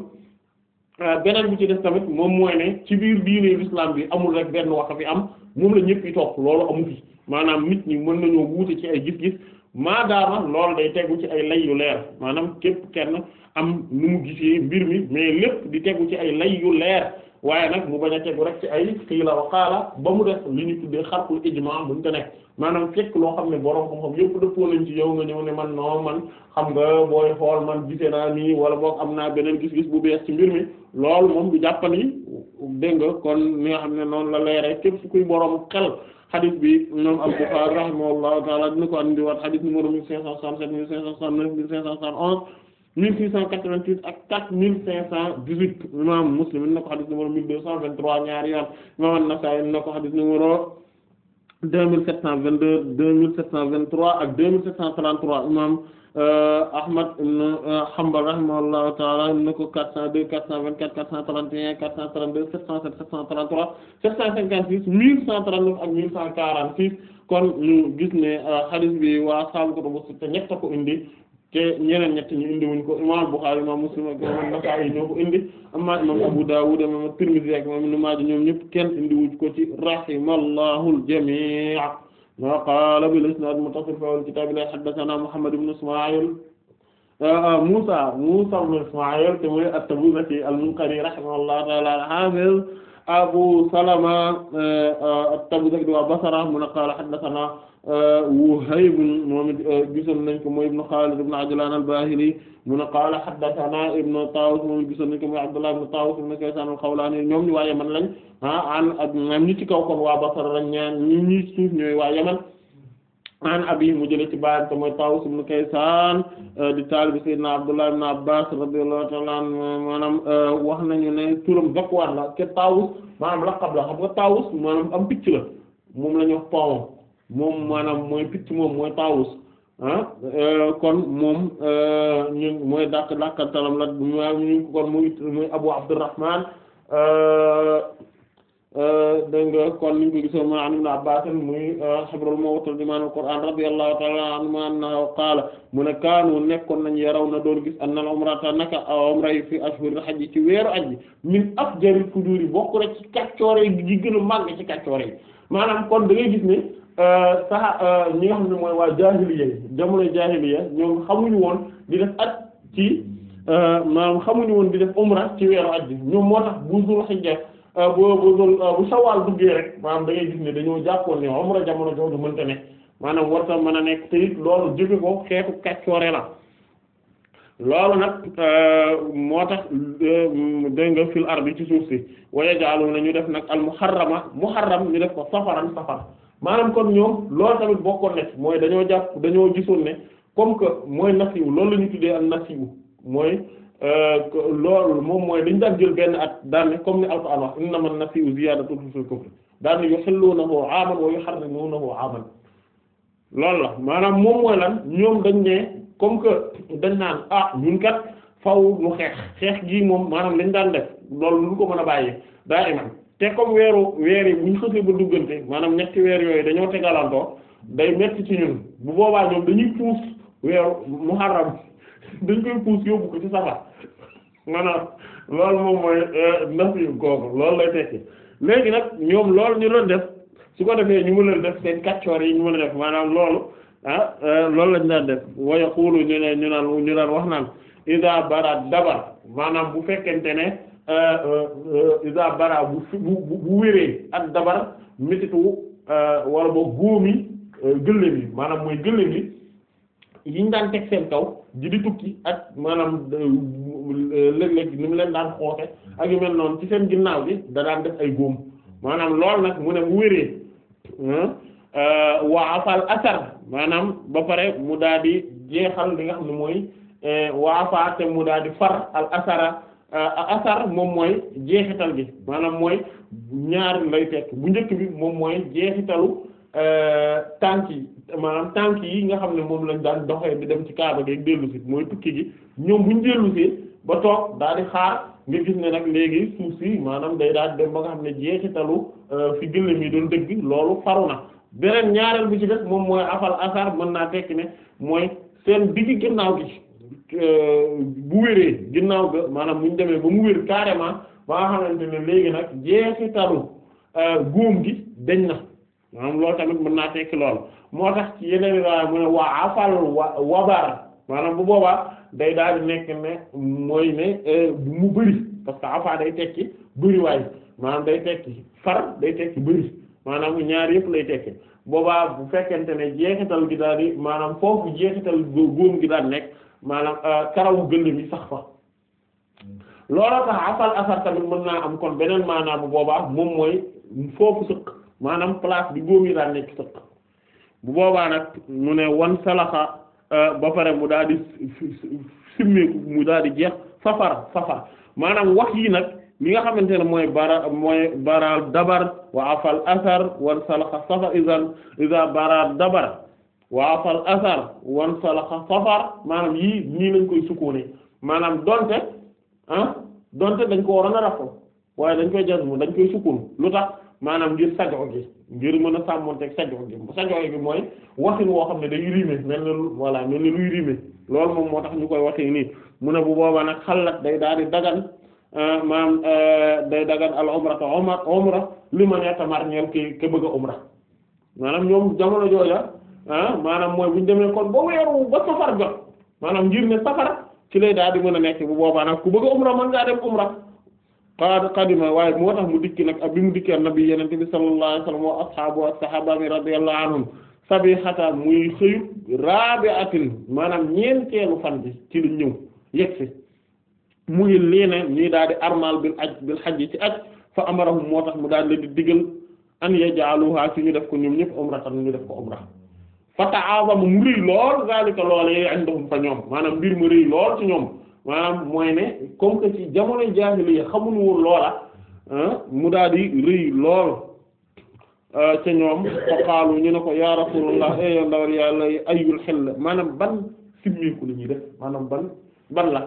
Euh, beneen bu ci def tamit moom mooy ne ci biir diine lislaam bi amul rek benn wax a bi am moom la ñëpp yi topp loolu amu fi maanaam nit ñi mën nañoo wuute ci ay gis-gis maadaama loolu day tegu ci ay lay yu leer maanaam képp kenn am nu mu gisee mbir mi mais lépp di tegu ci ay lay yu leer waaye nag mu bañ a bu rek ci ay xiila wa qaala ba mu def li ñu tuddee xarqul ijma buñ bu nekk maanaam fekk loo xam ne borom xam-xam yëpp dëppoo nañ ci yow nga ñëw ne man non man xam nga booy xool man gisee naa nii wala boo am naa beneen gis-gis bu bees ci mbir mi lool moom du jàppan yi dégg nga kon li nga xam ne noonu la leere képp kuy borom xel xadis bi moom al-Bukhârî rahimahullahu taala dina ko andi waat xadis numéro mille cinq cent cinq cent cent soixante 1688 ak 4518 imam Muslim na ko hadith numéro 1223 ñaari yoon imam An-Nasa'i na ko hadith numéro 2722 2723 ak 2733 imam euh, Ahmad ibn euh, Hanbal rahimahullahu ta'ala na ko 402 424 431 432 707 733 756 1139 ak 1146 kon ñu gis ne euh, hadith bi waa saabu ko bu te ñett ko indi te ñeneen ñett ñu indi wuñ ko imam Bukhari imam Muslim ak imam Nasa'i ñoo ko indi amma imam Abu Dawud imam Tirmidhi ak imam Ibn Maaja ñoom ñëpp kenn indi wuñ ko ci rahimallahu al-jami' ma qala bil isnad muttasil fi al-kitab la haddathana Muhammad ibn Isma'il Musa Musa ibn Isma'il te mooy at-Tabuzaki al-Munqari rahimahullahu ta'ala al-hafiz Abu Salama at-Tabuzaki wa Basra mun qala haddathana Wuhayb moom euh, gisoon nañ ko mooy ibnu Xaalid ibnu Ajlaan al-Baahili mu ne qaala haddathanaa ibnu Taawus moom gisoon nañ ko mooy ibnu Taawus ibnu Kaysaan ñoom ñu waa Yaman lañ ah an ci kaw kon waa Basra ñaan ñi ñi suuf ñooy waa mu jële ci baay te mooy Taawus ibnu Kaysaan euh, di taalibi Sayyidina Abdullah ibnu Abbaas radiyallahu ta'ala euh, wax nañu ne turam Zakwaan la ke Taawus maanaam laqab la xam nga Taawus am picc la moom la ñu moom maanaam mooy picc moom mooy tawus ah euh, kon moom euh, ñun mooy dàkk dàkkantalam la ñu kon muy muy Abu Abdurrahman euh, dégg nga kon niñ ko gisoon ma an ibn Abbas muy habrul mawt di maanaam Qur'an radiyallahu ta'ala anhuma annahu qaala mu ne kaanu nekkoon nañ yaraw na doon gis annal umrata naka umra yi fi ashhuril hajj ci weeru ajji min afjaril fuduuri bokk rek ci kaccoore yi gi gën a màgg ci kaccoore yi maanaam kon da ngay gis ne Euh, sax euh, ñi nga xam ne mooy waa jaahiliya jamono jaahiliya ñoom xamuñu woon di def at ci euh, maanaam xamuñu woon di def umra ci weeru at bi ñoom moo tax bu dul bu bu dul maanaam da ngay dañoo jàppoon ne umra jamono jooju mënta ne maanaam warta mën a nekk te it loolu jóge xeetu kaccoore la nag moo tax dégg nga fil ardi ci suuf si waye jaalu na ñu def nag al muharrama muharram ñu def ko safaran safar maanaam kon ñoom loolu tamit bokkoon na mooy dañoo jàpp dañoo gisoon ne comme que mooy nasiwu loolu la ñu tuddee am nasiwu mooy euh, loolu moom mooy dañu daan jël benn at daan ne comme ni Alxuraan wax innaman nasiwu ziyaadatu fil kufri daan ne yuhilluunahu aaman wa yuharrimuunahu aaman loolu la maanaam moom mooy lan ñoom dañ ne comme que dañ naan ah ñun kat faw mu xeex xeex gii moom maanaam lañ daan def loolu lu ko mën a bàyyee daa iman te comme weeru weer yi bu ñu xësee ba duggante maanaam ñetti weer yooyu dañoo tegalantoo day metti ci ñun bu boobaa ñoom dañuy puus weeru muharram dañ koy puus yóbbu ko ci safar maanaam loolu moom mooy euh, nas yu loolu lay tekki léegi nag ñoom loolu ñu la def su ko defee ñu mën a def seen kaccoor yi ñu mën a def maanaam loolu ah euh, loolu lañ daan def waya xuulu ñu ne ñu naan ñu naan wax naan ida bara dabar maanaam bu fekkente ne Euh, euh, euh, isa bara bu fi bu bu wéree ak dabar metitu wala ba góomi gëléem yi maanaam mooy gëléem yi yiñ daan teg seen kaw ji di tukki ak maanaam léeg-léeg ni mu leen daan xoote ak yu mel noonu ci seen ginnaaw bi da daan def ay góom maanaam lool nag mu ne mu wéree waa afal asar maanaam ba pare mu daal di jeexal li nga xam ne mooy waa afaate mu daal di far al asara Euh, asar moom mooy jeexital gi maanaam mooy ñaar lay fekk bu njëkk bi moom mooy jeexitalu euh, tànk yi maanaam tànk yi nga xam ne moom lañ daan doxee bi dem ci kaaba gi dellu si mooy tukki gi ñoom buñ dellu si ba toog daal di xaar nga gis ne nag léegi suuf si maanaam day daal dem ba nga xam ne jeexitalu euh, fi gëléem yi doon dëgg loolu faru na beneen ñaareel bi ci def moom mooy afal asar mën naa tekki ne mooy seen digg ginnaaw gi Euh, bu wéree ginnaaw ga maanaam bu demee ba mu wér carrément ba nga xamante ne léegi nag jeexitalu euh, góom gi deñ na maanaam loolu tamit mën naa tekki lool moo tax ci yeneen i daal mu ne waa afal wa wabar maanaam bu boobaa day daal di nekk ne mooy ne euh, mu bëri parce que afa day tekki bëri waay maanaam day tekki far day tekki bëri maanaam ñaar yëpp lay tekki boobaa bu fekkente ne jeexital gi daal maanaam foofu jeexital góom gi daal nekk. maanaam euh, karawu gëll mi sax fa looloo tax asal asar tamit mën naa am kon beneen maanaam bu boobaa moom mooy foofu sëq maanaam place bi góom yi nekk sëq bu boobaa nag mu ne wan salaxa euh, ba pare mu daal di simmeeku mu daal di jeex safara safara maanaam wax yi nag li nga xamante ne mooy bara mooy baral dabar wa afal asar wan salaxa safa isan isa dabar waafal asar wan salaxa safar maanaam yii nii lañ koy sukkoone maanaam donte ah, donte dañ ko waroon a rafu waaye dañ koy jazmu dañ koy sukkoon lu tax maanaam ngir sajo gi ngir mën a sàmmonteeg sajo gi sajo gi mooy waxin woo xam ne day rimé mel ne voilà mel ne luy rimé loolu moom moo tax ñu koy waxee nii mun a bu boobaa nag xalat day daal dagan ah, maam ah, day dagan al umra te umra umra li ma ñeeta mar ñeel ki ke bëgg a maanaam ñoom jamono jooja ah maanaam mooy bu ñu demee kon ba weeru ba safar jot maanaam ngir ne safara ci lay daal di mën a nekk bu boobaa nag ku bëgg a umra mën ngaa dem umra xad xadima waaye moo tax mu dikki nag ak bi mu dikki nabi yenente bi sallallahu alayhi wa sallam wa ashaabu wa sahabaami radiyallahu muy xëyu rabi'atin maanaam ñeenteelu fan bi ci lu ñëw yegg si muy lii ne ñuy daal di armal bil aj bil xaj ci aj fa amarahum moo tax mu daal di digal an yaj'aluha ci ñu def ko ñoom ñëpp umratan ñu def ko umra fa ta'azama mu rëy lool zalika loolee indahum fa ñoom maanaam mbir mu rëy lool ci ñoom maanaam mooy ne comme que ci jamono jaahiliya xamuñu woon loola ah, mu daal rëy lool ah, ca ñoom fa qaalu ñu ne ko ya rasulullah e eh, ndawal yàlla ayul xel maanaam ban simmiku la def maanaam ban ban la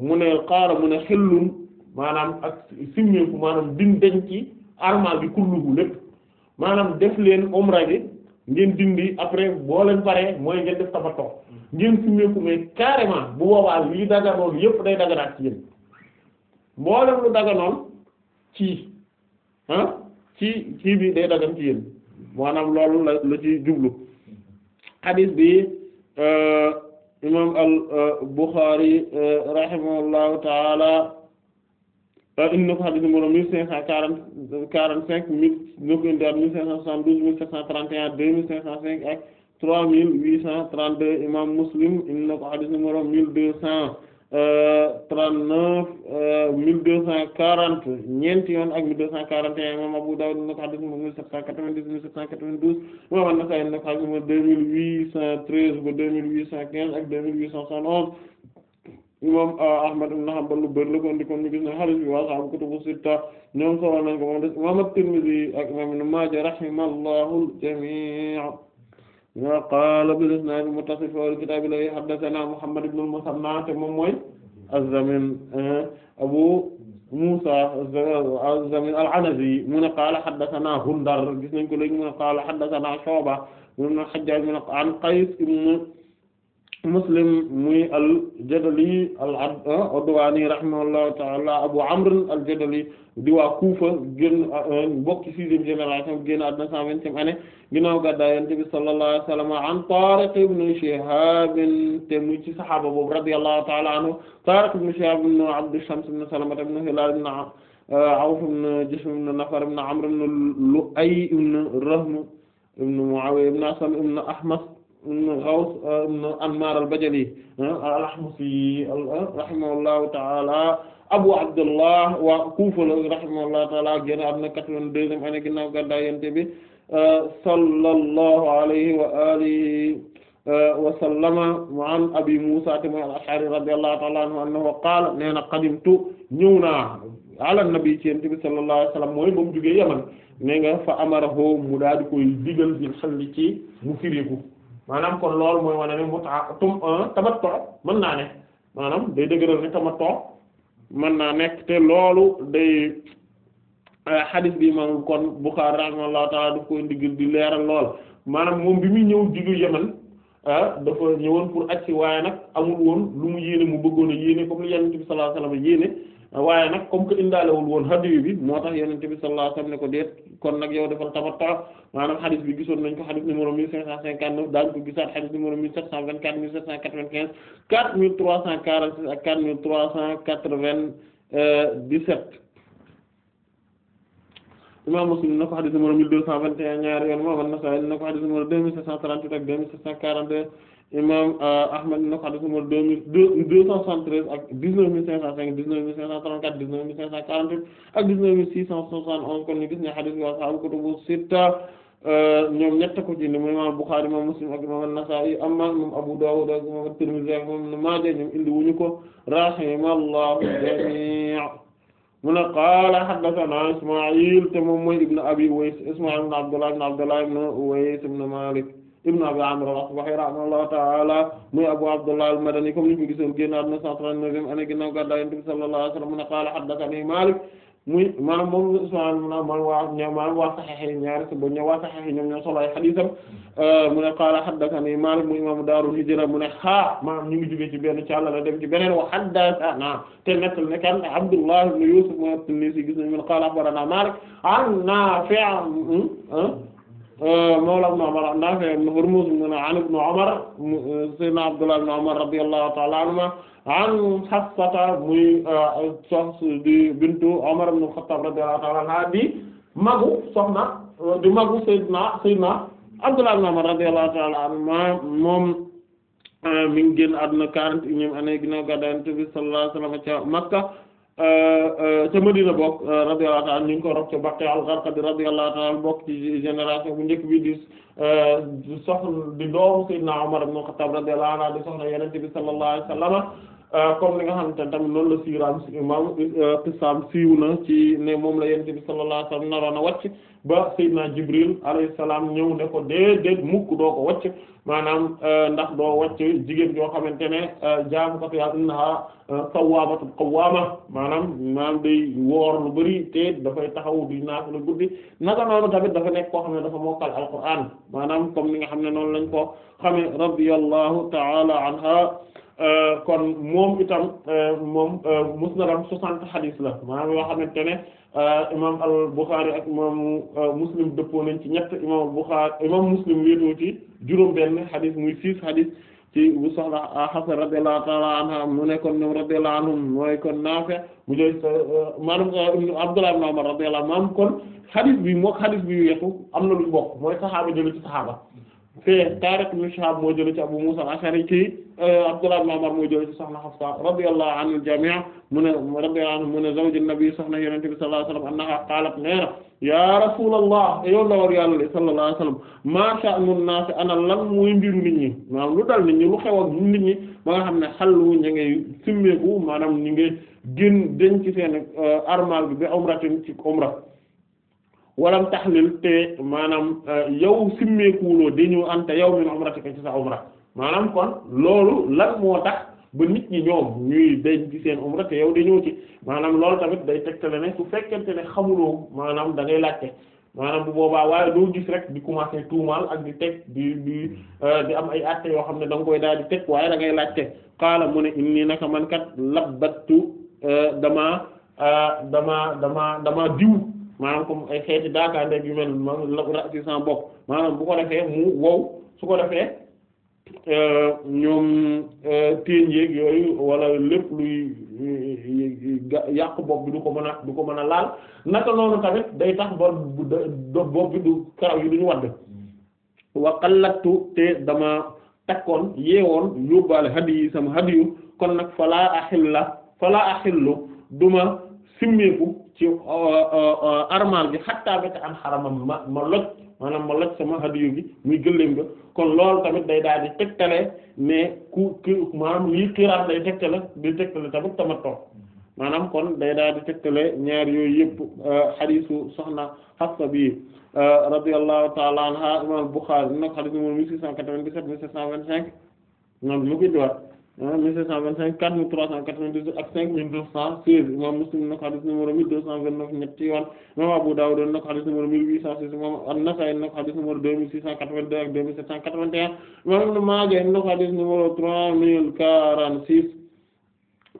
mu ne xaara mu ne xellum maanaam ak simmiku maanaam din denc armal bi kulluhu lépp maanaam def leen umra gi ngeen dindi après boo leen paree mooy ngeen def tabatoo ngeen summeeku mais carrément bu boobaa lii daganoon yépp day daganaat ci yéen mboolem lu daganoon ci ah ci ci bi day dagan ci yéen maanaam loolu la la ci jublu xadiis bi euh, imaam al euh, Buxaari euh, rahimahullahu taala indi na ko hadith numéro mille cinq cent quarante quarante cinq mille na a indi ak mille cinq cent soixante-douze mille sept cent trente et un deux mille cinq cent cinq ak trois mille huit cent trente-deux imam Muslim indi numéro mille deux cent euh, trente-neuf euh, mille deux cent quarante ñeenti yoon ak mille deux cent quarante et imam Abu Dawud indi numéro mille sept cent quatre-vingt-dix mille sept cent quatre-vingt-douze imam An-Nasa'i indi na ko imam euh, Ahmad ibn Hanbal lu bëri la ko indi kon ñu gis ne hadith bi waa sahabu kutubu sitta ñoom solo nañ ko moom des imam at-Tirmidhi ak imam Ibn Maaja rahimallahu al-jamii' wa qaala bil isnaad al-muttasil fil kitaab alladhi haddathana Muhammad ibn al-Musanna te moom mooy az-Zamin euh, Abu Musa az-Zamin al-Anazi mu ne qaala haddathana Hundar gis nañ ko léegi mu ne qaala haddathana Shu'ba mu ne Hajjaaj mu ne an Qays ibn Muslim muy al-Jadali al-Adwani ah, rahimahullahu ta'ala Abu Amr al-Jadali di waa Kufa génn ah, ah, bokk ci sixième génération génn àdduna cent vingtième année ginnaaw gàddaay Yonent bi sallallahu alayhi wa sallam an Tariq ibn Shihab te muy ci saxaaba boobu radiyallahu ta'ala anhu Tariq ibn Shihab ibn Abd Shams ibn Salama ibn Hilal ibn Awf ibn Jishm ibn Nafar ibn Amr ibn Lu'ay ibn Rahm ibn Muawiya ibn Asam ibn Ahmas Ghaws ibn Anmar al-Bajali ah, al-Ahmasi rahimahullahu ta'ala Abu Abdullah wa Kufa rahimahullahu ta'ala génn àdduna 82e année ginnaaw gàddaay Yonent bi ah, sallallahu alayhi wa alihi ah, wa sallama an Abi Musa te mooy al-Ash'ari radiyallahu ta'ala anhu annahu qaala nee na qadimtu ñëw naa ala nabi ci Yonent bi sallallahu alayhi wa sallam mooy ba mu jógee Yaman nee nga fa amarahu mu daal di koy digal bi xel ci mu firiku maanaam kon loolu mooy wane ne muta tum euh, tamattu mën naa ne maanaam day dëgëral ne tamattu mën naa nekk te loolu day euh, xadis bi imam kon Bukhari rahimahullahu taala daf koy ndigil di leeral lool maanaam moom bi muy ñëw jugu Yemen euh, dafa ñëwoon pour aj si waaye nag amul woon lu mu yéene mu bëggoon a yéene comme li Yonent bi sallallahu alayhi wasallam yéene waaye nag comme que indaalewul woon hadiyu bi moo tax yonent bi sallallahu alayhi wasallam ne ko déet kon nag yow defal tamattu maanaam xadis bi gisoon nañ ko xadis numéro 1559 daañu ko gisaat xadis numéro 1724 1795 4346 ak 4397 imam Muslim na ko xadis numéro 1221 ñaari yoon imam An-Nasa'i na ko xadis numéro 2738 ak 2742 imam euh, Ahmad na ko hadith numéro deux mille deux cent treize ak dix-neuf mille cinq cent cinq dix-neuf mille cinq cent trente-quatre dix-neuf mille cinq cent quarante-huit ak dix-neuf mille six cent soixante-onze kon ñu gis ne hadith bi ashaabu kutubu sitta euh, ñoom ñett ko ci ne mooy imam Bukhari imam Muslim ak imam An-Nasa'i amma imam Abu Dawud ak imam At-Tirmidhi imam Ibn Maaja ñoom indi wuñu ko rahimallahu jami' mu ne qaala haddathana Isma'il te moom mooy ibn Abi Uways Isma'il ibn Abdullah ibn Abdullah ibn Abi Amr la asbahi rahimahullahu ta'ala muy Abu Abdullah al-Madani comme ni ñu ko gisoon génnaat na 139e année ginnaaw gàddaay Yonent bi sallallahu alayhi wa a mu ne qaala haddathanii Maalik muy maanaam moom Ismaïl mu ne man waa maanaam euh, mu ne qaala haddathanii Maalik mu imaamu daarul hijra mu ne xaa maanaam ñu ngi ci benn càlla la dem ci beneen wa haddathanaa te nettal ne kan Abdullah ibn Yuusuf mu at-Tinnisi gis nañu mu ne qaala akhbaranaa Maalik an Naafi' hmm, ah, Eh, mawla ibn Umar Naafi' ibn Hurmuz mu ne an ibn Umar eh, sayyidina Abdullah ibn Umar radiyallahu ta'ala anhuma an muy eh, sox di bintu Umar ibn Khattab radiyallahu ta'ala di magu soxna di magu sayyidina sayyidina Abdullah ibn Umar radiyallahu ta'ala anhuma moom mi ngi génn àdduna quarante et unième année ginnaaw gàddaay bi sallallahu alayhi Makka ca Madina bokk euh, radiyallahu ta'ala ñu ngi ko rob ca Baqi al-Gharqad radiyallahu ta'ala bokk ci génération bu njëkk bi di euh, soxna di doomu Sayyidina Umar ibn Khattab radiyallahu anhu di soxna Yonent bi sallallahu alayhi wa sallam Euh, comme li nga xamante ne tamit noonu la siiraam maam qisaam euh, siiw na ci ne moom la yonent bi sallallahu alayhi a wàcc ba Seydina Jibril alayhi salaam ñëw ne ko déedéet mukk doo ko wàcc maanaam euh, ndax doo wàcc jigéen yoo xamante ne jaamukatu yaa innaha sawwaamatu qawwaama maanaam maanaam day woor lu bari te dafay taxaw di naafila guddi naka noonu tamit dafa nekk koo xam ne dafa mokkal alquran maanaam comme li nga xam ne noonu lañ ko xamee radiyallahu ta'ala anha Euh, kon moom itam euh, moom euh, musnadam soixante xadis la maanaam yoo xamante ne imaam al-Bukhari ak imaamu Muslim dëppoo nañ ci ñett imaam al-Bukhari imaam Muslim wéetoo ci juróom-benn xadis muy six xadis ci bu soxla Hafsa radiyallahu ta'ala mu nekkoon ñoom radiyallahu anhum mooy kon Naafi' mu jël maanaam Abdullah ibn Umar radiyallahu anhu kon xadis bi mook xadis bi weesu am na lu mbokk mooy saxaaba jëlu ci saxaaba te Taariq ibn Shihab moo jëlee ci Abu Musa al-Ash'ari ci euh, Abdullah ibn Umar moo jëlee ci soxna Hafsa radiyallahu mu ne radiyallahu anhu mu ne zawju nabi soxna Yonent bi sallallahu alayhi wasallam annaha qaalat nee na ya Rasulullah e yow ndawal Yàlla li sallallahu alayhi wasallam ma sha'nu naas ana lan mooy mbiru nit ñi maanaam lu dal nit ñi lu xew nit ñi ba nga xam ne xallu ñi ngay simmeeku maanaam ñi ngay gën denc seen euh, armal bi ba umratin ci walam taxlil te maanaam euh, yow simmeekuwuloo dañu anta yow min umratika ci sa umra maanaam kon loolu lan moo tax ba nit ñi ñoom ñuy dañ ci seen umra te yow dañoo ci maanaam loolu tamit day teg tegtale ne su fekkente ne xamuloo maanaam da ngay laajte maanaam bu boobaa waaye doo gis rek di commencer tuumaal ak di teg di di euh, di am ay atte yoo xam ne da nga koy daal di teg waaye dangay laajte xaala mu ne inni naka man kat labbattu euh, dama damaa damaa damaa diw maanaam comme ay xeeti daakaande yu mel maanaam la raxasi sans bopp maanaam bu ko defee mu wow su ko defee euh, ñoom euh, téeñ yéeg yooyu wala lépp luy euh, yàq bopp bi du ko mën a du ko mën a laal naka noonu tamit day tax ba bopp bi du karaw yi du ñu wadd wa qallattu te dama takkoon yeewoon yóbbaale hadiyi sama hadiyu kon nag falaa axilla falaa axillu duma simmeeku ci euh, euh, euh, armal bi xattaa ba ca am xaramam ma ma loj maanaam ma loj sama hadiyu gi muy gëléem nga kon loolu tamit day daal di tegtale ne ku ki maanaam lii xiraan day tegtale di tegtale tamit tamattu maanaam kon day daal di tegtale ñaar yooyu yëpp xadiisu soxna Xafsa bi radiyallahu ta'ala anha imam Bukhari nag xadiis numéro 1697 1725 noonu lu ko indiwaat 1725 4392 ak 5216 imam Muslim na ko hadith numéro 1229 ñetti yoon imam Abu Dawud na ko hadith numéro 1806 imam An-Nasa'i na ko hadith numéro 2682 ak 2781 imam Ibn Majah na ko hadith numéro 3046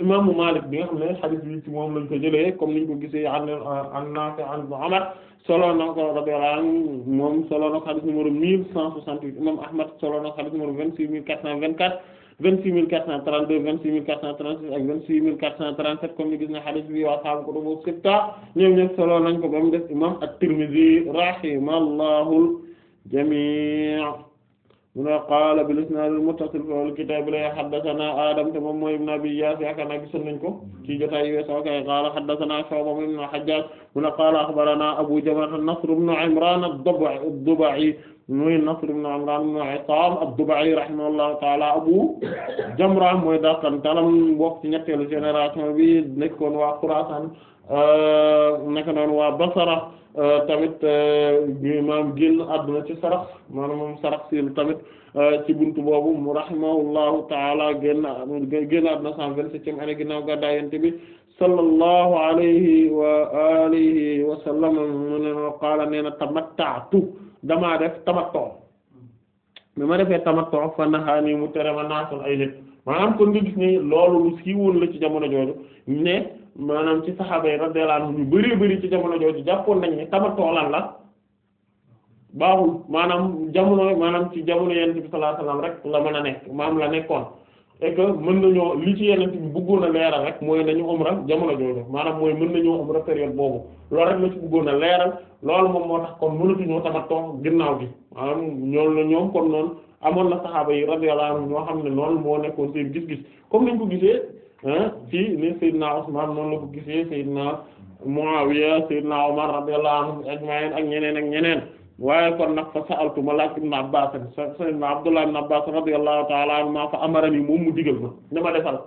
imam Malik bi nga xam ne hadith bi ci moom lañ ko jëlee comme niñ ko gisee an an-Nafi' an Muhammad solo na ko radiyallahu anhu moom solo na ko hadith numéro 1168 imam Ahmad solo na ko hadith numéro vingt-six mille quatre cent trente-deux vingt-six mille quatre cent trente-six ak vingt-six mille quatre cent trente-sept comme ni gis na hadith bi waa saabu ko dobo sitta ñoom ñëpp solo nañ ko ba mu def imam at-Tirmidhi rahimahullahu jami' mun a qaala bil isnaad al muttasil fil kitaab la haddathana Adam te moom mooy ibn Abi Iyaas yaakaar naa gisoon nañ ko ci jotaay yu weesoo kay qaala haddathana Shu'ba ibn Hajjaaj mun a qaala akhbaranaa Abu Jamrata Nasr ibn Imraan ad-Duba'i muy Nasr ibn Imraan ibn Isaam ad-Dubai rahimahullahu taala Abu Jamra mooy daqan talam bokk ci ñetteelu génération bi nekkoon waa Xuraasaan euh, nekk noonu waa Basra euh, tamit euh, maam génn àdduna ci sarax maanaam moom sarax si tamit ci buntu boobu mu rahimahullahu taala génn génn na tamatta'tu damaa def tamattu bi ma defee tamattu fa naxaani mu tere ma naasul ay nit maanaam kon nga gis ni loolu lu la ci jamono jooju ne maanaam ci saxaaba yi radiyallahu anhum ñu bari bari ci jamono jooju jàppoon nañ ne tamattu lan la baaxul maanaam jamono maanaam ci jamono Yonent bi sallallahu alayhi rek la mën a nekk maam la nekkoon. et que mën nañoo li ci yeneen bi bëggoon a leeral rek mooy nañu umra jamono jooju maanaam mooy mën nañoo umra période boobu loolu rek la ci bëggoon a leeral loolu moom moo tax kon mënatuñoo tamatoo ginnaaw gi maanaam ñoom la ñoom kon noonu amoon na saxaaba yi radiyallahu anhum ñoo xam ne noonu moo nekkoon seen gis-gis comme nañ ko gisee ci ne Seydina Usman noonu la ko gisee Seydina Muawiya naa Umar radiyallahu ak ajma'in ak ñeneen ak ñeneen waaye kon nag fa sa'altu ma laaj ibn Abbas sayyidina Abdullah ibn Abbas radiyallahu ta'ala anhuma fa amarani moom mu digal ma ne ma defal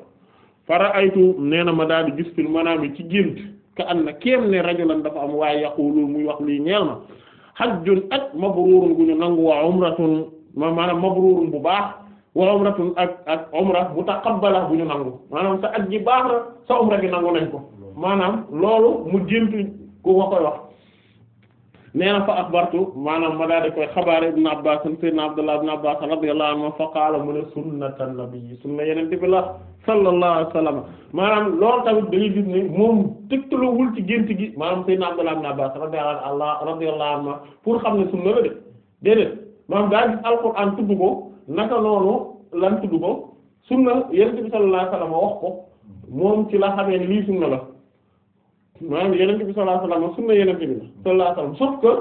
fa ra'aytu nee na ma daal di gis fil manaam ci gént ka an na kéem ne rajulan dafa am waaye yaqulu muy wax lii ñeel ma hajjun ak mabrurun gu ñu nangu wa ma maanaam mabrurun bu baax wa umratun ak ak umra bu taqabbala bu ñu nangu maanaam sa aj ji baax na sa umra gi nangu nañ ko maanaam loolu mu gént ko wa koy wax nee na fa axbartu maanaam ma daa di koy xabaar ibn Abbas sayyidina Abdullah ibn Abbas radiyallahu anhu fa qaala mu ne sunnatan nabi sunna yenente bi la sallallahu alayhi wa sallam maanaam loolu tamit dañuy gis ne moom tëgtalowul ci gént gi maanaam sayyidina Abdullah ibn Abbas radiyallahu radiyallahu pour xam ne sunna la de déedéet maanaam daa gis alquran tudd ko naka noonu lan tudd ko sunna yenente bi sallallahu alayhi wax ko moom ci la xamee ne sunna la maanaam yenente bi sallallahu alayhi wasallam sunna yenente bi sallallahu alayhi wasallam sauf que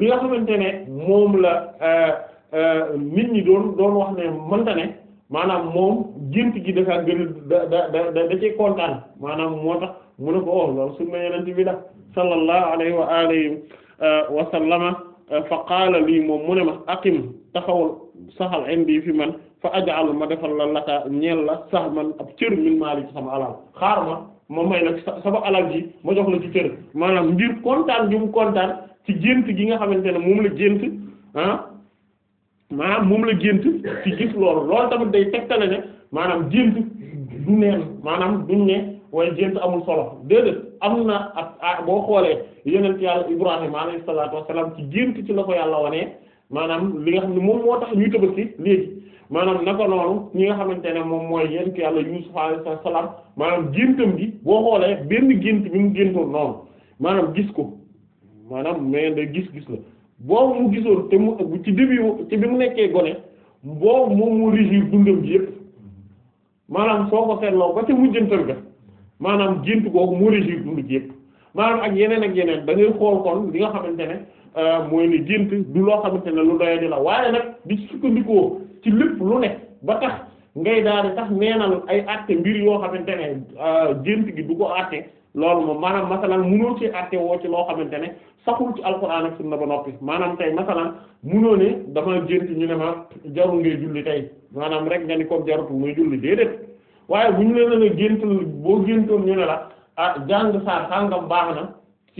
li nga xamante ne moom la euh, euh, nit ñi doon doon wax ne mënta ne maanaam moom gént gi dafa gën da da da da ci kontaan maanaam moo tax mu ne ko oh loolu sunna yenente bi la sallallahu alayhi wa alihi euh, wa sallama fa qaala lii moom mu ne ma aqim taxawal saxal indi fi man fa aj'al ma defal la laka ñeel la sax man ab cër min maali ci sama alal xaar ma moom may nag sama alal yi ma jox la ci cër maanaam ngir kontaan gi mu kontaan ci gént gi nga xamante ne moom la gént ah maanaam moom la gént ci gis loolu loolu tamit day tegtale ne maanaam gént du neen maanaam duñ ne waaye gént amul solo déedéet am na ak ah, boo xoolee yonent yàlla Ibrahima alayhi salaatu wa salaam ci gént ci la ko yàlla wanee maanaam li nga xam ne moom moo tax ñuy tabaski léegi maanaam naka noonu ñi nga xamante ne moom mooy yent yàlla Yuusuf alayhi salaam maanaam géntam gi boo xoolee benn gént bi mu géntoon noonu maanaam gis ko maanaam mais da gis-gis la boobu mu gisoon te mu ci début ci bi mu nekkee gone boobu moom mu régir dundam gi yépp maanaam soo ko seetloo ba ca mujjantal ga maanaam gént googu mu régir dund gi yépp maanaam ak yeneen ak yeneen da ngay xool kon li nga xamante ne Euh, mooy ne gént du loo xamante ne lu doyadi la waaye nag di sukkandikoo ci lépp lu ne ba tax ngay daal di tax neenal ay àtte mbir yoo xamante ne euh, gént gi du ko àtte loolu moom maanaam masalan munoo ci àtte woo ci loo xamante ne saxul ci alxuraan ak sunna ba noppi maanaam tey masalan munoo ne dama gént ñu ne ma jarul ngay julli tey maanaam rek nga ni ko jarutu muy julli déedéet waaye bu ñu leen la ne gént boo géntoon ñu ne la ah jàng saar sàngam baax na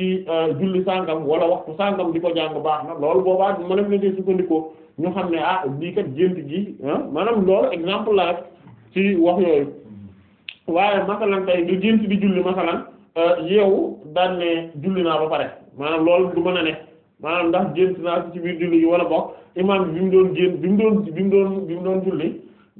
ci euh, julli sàngam wala waxtu sàngam di ko jàng baax na loolu boobaa ma ne lañ koy sukkandikoo ñu xam ne ah lii kat gént gi ah, maanaam loolu exemple la ci wax yooyu waaye masalan tey nga gént di julli masalan euh, yeewu daan ne julli naa ba pare maanaam loolu du mën a ne maanaam ndax gént naa ci biir julli gi wala bokk imaam bi mu doon gént bi mu doon bi mu doon bi doon julli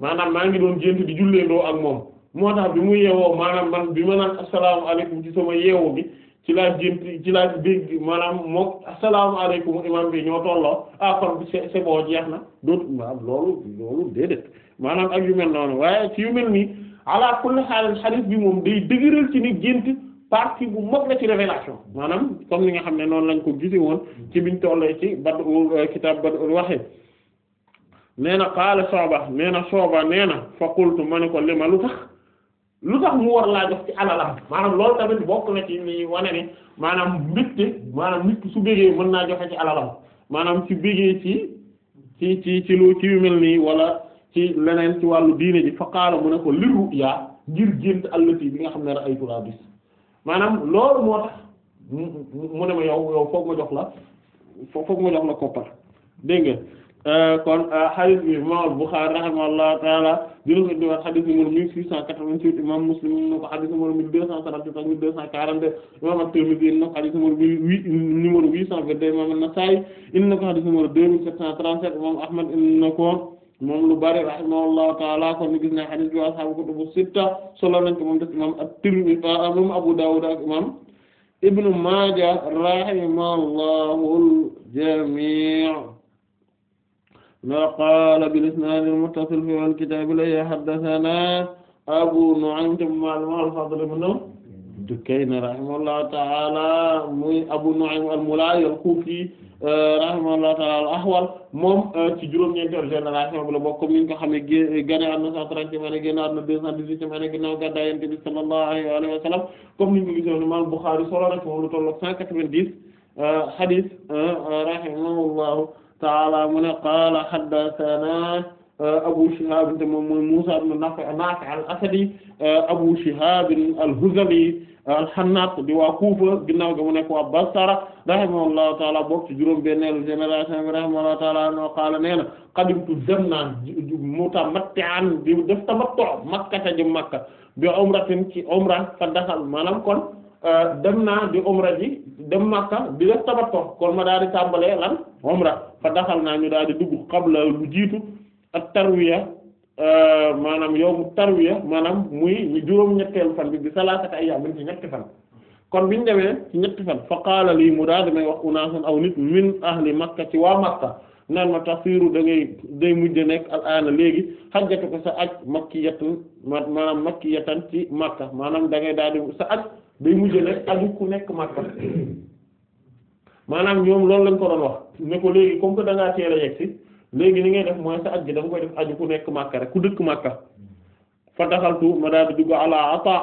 maanaam maa ngi doon gént di julleendoo ak moom moo tax bi mu yeewoo maanaam man bi ma naan asalaamaaleykum ci sama yeewu bi. ci laa gént ci laa dégg maanaam moom asalaamaaleykum imam bi ñoo tolloo ah kon c'est bon jeex na dootu maanaam loolu loolu déedéet maanaam ak yu mel noonu waaye ci yu mel nii ala kulli xaal xadiis bi moom day dëgëral ci ni gént partie bu mag la ci révélation maanaam comme li nga xam ne noonu lañ ko gise woon ci biñ tollee ci bad kitaab bad waxee nee na qaala Shu'ba nee na Shu'ba nee na fa qultu ma ne ko lima lu lu tax mu war laa jox ci alalam maanaam loolu tamit bokk na ci li wane ne maanaam mbégte maanaam nit su bégee mën naa joxe ci alalam maanaam su bégee ci ci ci ci lu ci yu mel nii wala ci leneen ci wàllu diine ji faqaala mu ne ko liru yaa ngir gént allati bi nga xam ne ra ay turaa bis maanaam loolu moo tax mu ne ma yow yow foog ma jox la foog ma jox la koppar dégg nga euh, kon euh, hadith bi imam Bukhari rahimahullahu taala dina ko indiwaat xadis numéro 1688 imam Muslim na imam At-Tirmidhi ko xadis numéro huit numéro ko xadis numéro 2737 imam Ahmad ko moom lu bari rahimahullahu ta'ala kon ni gis na xadis bi ashaabu kutubu sitta solo nañ ko moom des imam At-Tirmidhi ah, imam Abu Dawud ak imam Ibn Maaja rahimahullahu al la qaala bil-isnaadil muttasil fil kitaabi la haddasanaa Abu Nu'aym ma'lum al-Fadl ibn Dukayn rahimahullahu ta'ala muy Abu Nu'aym al-Mulaayi al-Kuufi eh, rahimahullahu ta'ala al-Ahwal moom eh, ci juróom-ñeenteelu génération bi la bokk comme ni nga xam ne gane am na 130 ane génn am na 218 ane ginnaaw gàddaay Yonent bi sallallahu alayhi wa sallam comme ni ñu ngi gisoon Imaam Buxaari solo na ko lu tollook 190 eh, hadith rahimahullahu taala mu ne qaala haddathana uh, Abu Shihab te moom mooy Musa ibn Nafi' al-Asadi uh, Abu Shihab al-Huzali uh, al-Hannat di waa Kufa ginnaaw ga mu nekk waa Basra rahimahullahu taala bokk ci juróom benneelu génération bi rahimahullahu taala no qaala nee na qadimtu Zamna mutamatti'an bi def tamattu Makkata jëm Makka bi umratin ci umra fa daxal maanaam kon Euh, dem naa di umra ji dem Makka bi def tabattu kon ma daal di tàmbalee lan umra fa daxal naa ñu daal di dugg qabla lu jiitu ak tarwiya euh, maanaam yow mu tarwiya maanaam muy juróom-ñetteelu fan bi bi salaasata ayyaam ci ñetti fan kon biñu demee ci ñetti fan fa qaala lii mu daal damay wax unaasun aw nit min ahli Makka ci waa Makka naan ma tasiru da ngay day mujj nekk al aana léegi xajjatu ko sa aj makkiyatan maanaam makkiyatan ci Makka maanaam da ngay daal di sa day mujj nekk aju ku nekk Makka maanaam ñoom loolu lañ ko doon wax ne ko léegi comme que da ngaa yegg si léegi ni ngay def mooy sa aj gi koy def aju ku nekk Makka rek ku dëkk Makka fa tu ma daal di dugg ala ata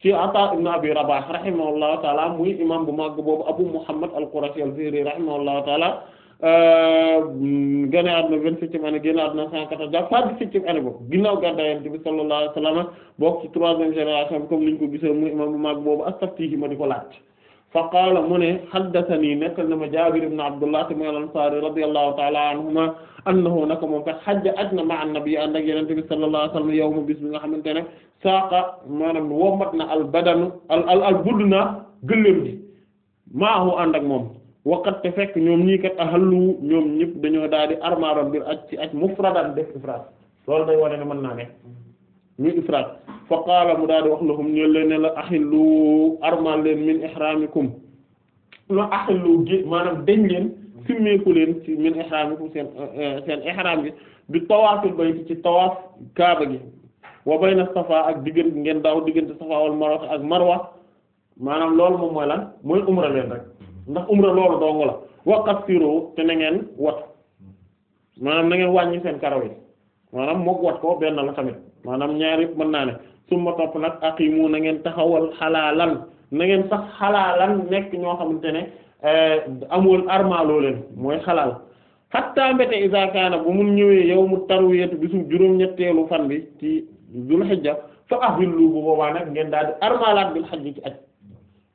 ci ata ibn abi rabah rahimahullahu taala muy imam bu màgg boobu abu muhammad al-qurashi al-fihri rahimahullahu taala gane àdduna vingt-septième année génn ginnaaw gàddaay Yonent bi sallallahu alayhi wa sallam bokk ci troisième génération bi comme niñ ko gisee muy imam bu mag boobu astaftihi ma di ko laaj fa qaala mu ne haddathanii nekkal na ma Jaabir ibn Abdullah te mu al-Ansaari radiyallahu anhuma annahu naka moom kat hajja ajna na an-nabi ànd ak Yonent bi sallallahu alayhi wa sallam yawma bis bi nga ne saaqa maanaam womat na al badanu al al al budna gëléem gi maahu ànd ak moom waqat te fekk ñoom ñii kat ahallu ñoom ñëpp dañoo daal di armaaroon bi aj ci aj mufradan def ifraat loolu day wane ne mën naa ne ñu ifraat fa mu daal di wax lahum ñeen leen ne la ahillu armal leen min ihramikum la ahillu gé maanaam deñ leen simmeeku ci min ihramikum seen euh, seen ihram gi bi tawaafil bayti ci tawaaf kaaba gi wa bayna safa ak diggante ngeen daaw diggante safa wal marwa ak marwa maanaam loolu moom mooy lan mooy umra leen rek ndax umra loolu dong la wa qasiru te na ngeen wat maanaam na ngeen wàññi seen karaw yi maanaam mook wat ko benn la tamit maanaam ñaar yëpp mën naa ne summa topp nag aqimu na ngeen taxawal xalaalan na ngeen sax xalaalan nekk ñoo xamante ne eh, amul armaaloo leen mooy xalaal xatta mbete iza kaana bu mun ñëwee yawmu tarwiyatu bisu juróom-ñetteelu fan bi ci dul xijja fa ahillu bu boobaa nag ngeen daal di armaalaat bil xajj ci aj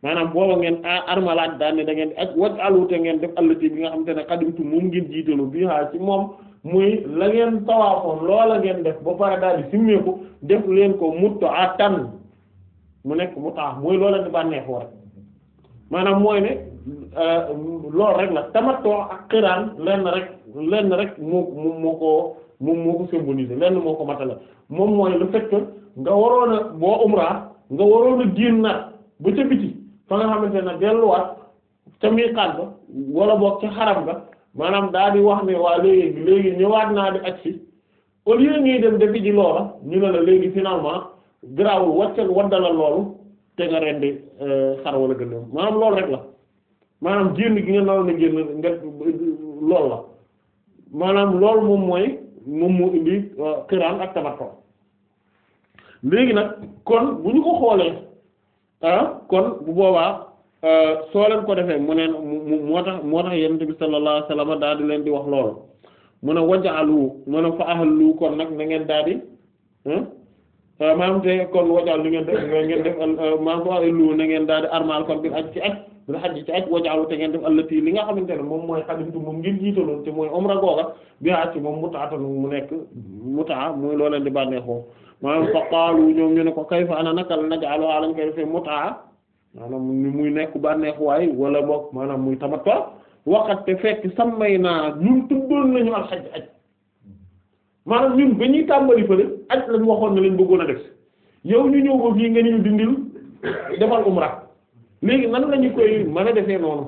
maanaam booba ngeen armalaat daan ne da ngeen ak waj alute ngeen def allati bi nga xam te ne xadimtu moom ngeen jiitalu bi haa ci moom muy la ngeen tawaafoon loola ngeen def ba pare daal di simmeeku def leen ko mutto a tànn mu nekk mu taax muy loola di bànneexu rek maanaam mooy euh, rek la tamatoo ak xiraan lenn rek lenn rek moo moom moo ko moom moo ko symboliser lenn moo ko matala moom mooy le fait nga waroon a boo umra nga waroon a génn nag ba ca biti fa nga xamante ne delluwaat ca miiqaat ba wala boog ca xaram ba maanaam daal di wax ne waa léegi léegi ñëwaat naa di agsi au lieu ngay dem defi ji loola ñu ne la léegi finalement garaawul wàccal waddala loolu te nga rendi euh, xar wala gëléem maanaam loolu rek la maanaam génn gi nga naroon a génn nga loolu la maanaam lool moom mooy moom mu indi xiraan euh, ak tabatoo léegi nag kon bu ñu ko xoolee Ah, kon bu boobaa ah, soo leen ko defee mu neen moo tax moo tax yonent bi sallallahu alayhi wasallam daal di leen di wax loolu mu ne wajaalu mu ne fa ahlu kon nag na ngeen daal di hmm? ah, maanaam te kon wajaal li ngeen def ngeen def maanaam fa ahlu na ngeen daal di armal kon bi aj ci aj bi xaj ci aj wajaalu te ngeen def allati li nga xamante ne moom mooy xadimtu moom ngir jiitaloon te mooy umra googa bi ci moom mu taatan mu nekk mu taa muy loo di bànneexoo maanaam fa qaalu ñoom ñu ne ko kayfa ana naka la naj'alu lañ koy defee mut'a maanaam muy nekk bànneex waay wala boog maanaam muy tamattu waqat te fekk samay naa ñun tuddoon nañu al hajj aj maanaam ñun ba ñuy tàmbali fële aj lañ waxoon ne lañ bëggoon a def yow ñu ñëw ba fii nga ñu dindil defal umra léegi nan lañu koy mën a defee noonu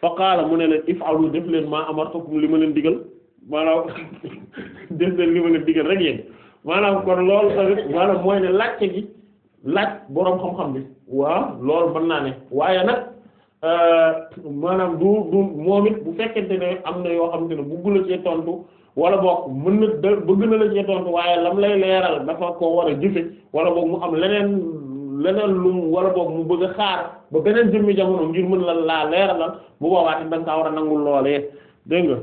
fa mu ne leen if'alu def leen maa amartukum li ma leen digal maanaam def leen li ma leen digal rek yéen maanaam kon loolu tamit maanaam mooy ne laajte gi laaj boroom xam-xam bi waaw loolu mën naa ne waaye nag euh, maanaam du du moom it bu fekkente ne am na yoo xam ne bëgg la cee tontu wala boog mën na da bëgg na la cee tontu waaye lam lay leeral dafa koo war a jëfe wala boog mu am leneen leneen lu wala boog mu bëgg a xaar ba beneen jëmmi jamono ngir mën la laa leeralal bu boobaa tamit da nga war a nangul loolee dégg nga.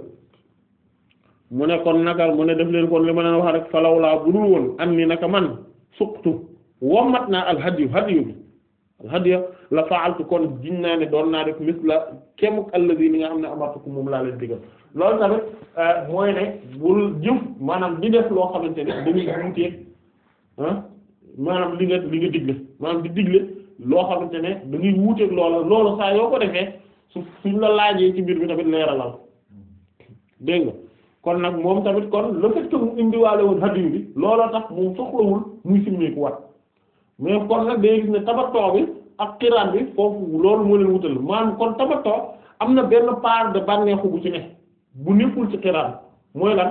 mu ne kon naka mu ne def leen kon li ma leen wax rek falawlaa bu dul woon am ni naka man suqtu wommat naa alhadiyu hadiyu bi alhadiya la faaltu kon jiñ naa ne doon naa def misla kemuk alladhi ni nga xam ne amartukum moom laa leen digal loolu tamit euh, mooy ne bul jëf maanaam di def loo xamante ne dañuy wuuteeg ah maanaam li nga li loo xamante ne da ngay wuuteeg loola loolu saa yoo ko defee su suñ la laajee ci mbir bi tamit leeralal dégg nga kon nag moom tamit kon le fait que mu indiwaale woon hadiyu bi looloo tax moom soxlawul muy simmeeku wat mais kon nag day gis ne tabattoo bi ak xiraan bi foofu loolu moo leen wutal maanaam kon tabattoo am na benn part de bànneexu bu ci ne bu nekkul ci xiraan mooy la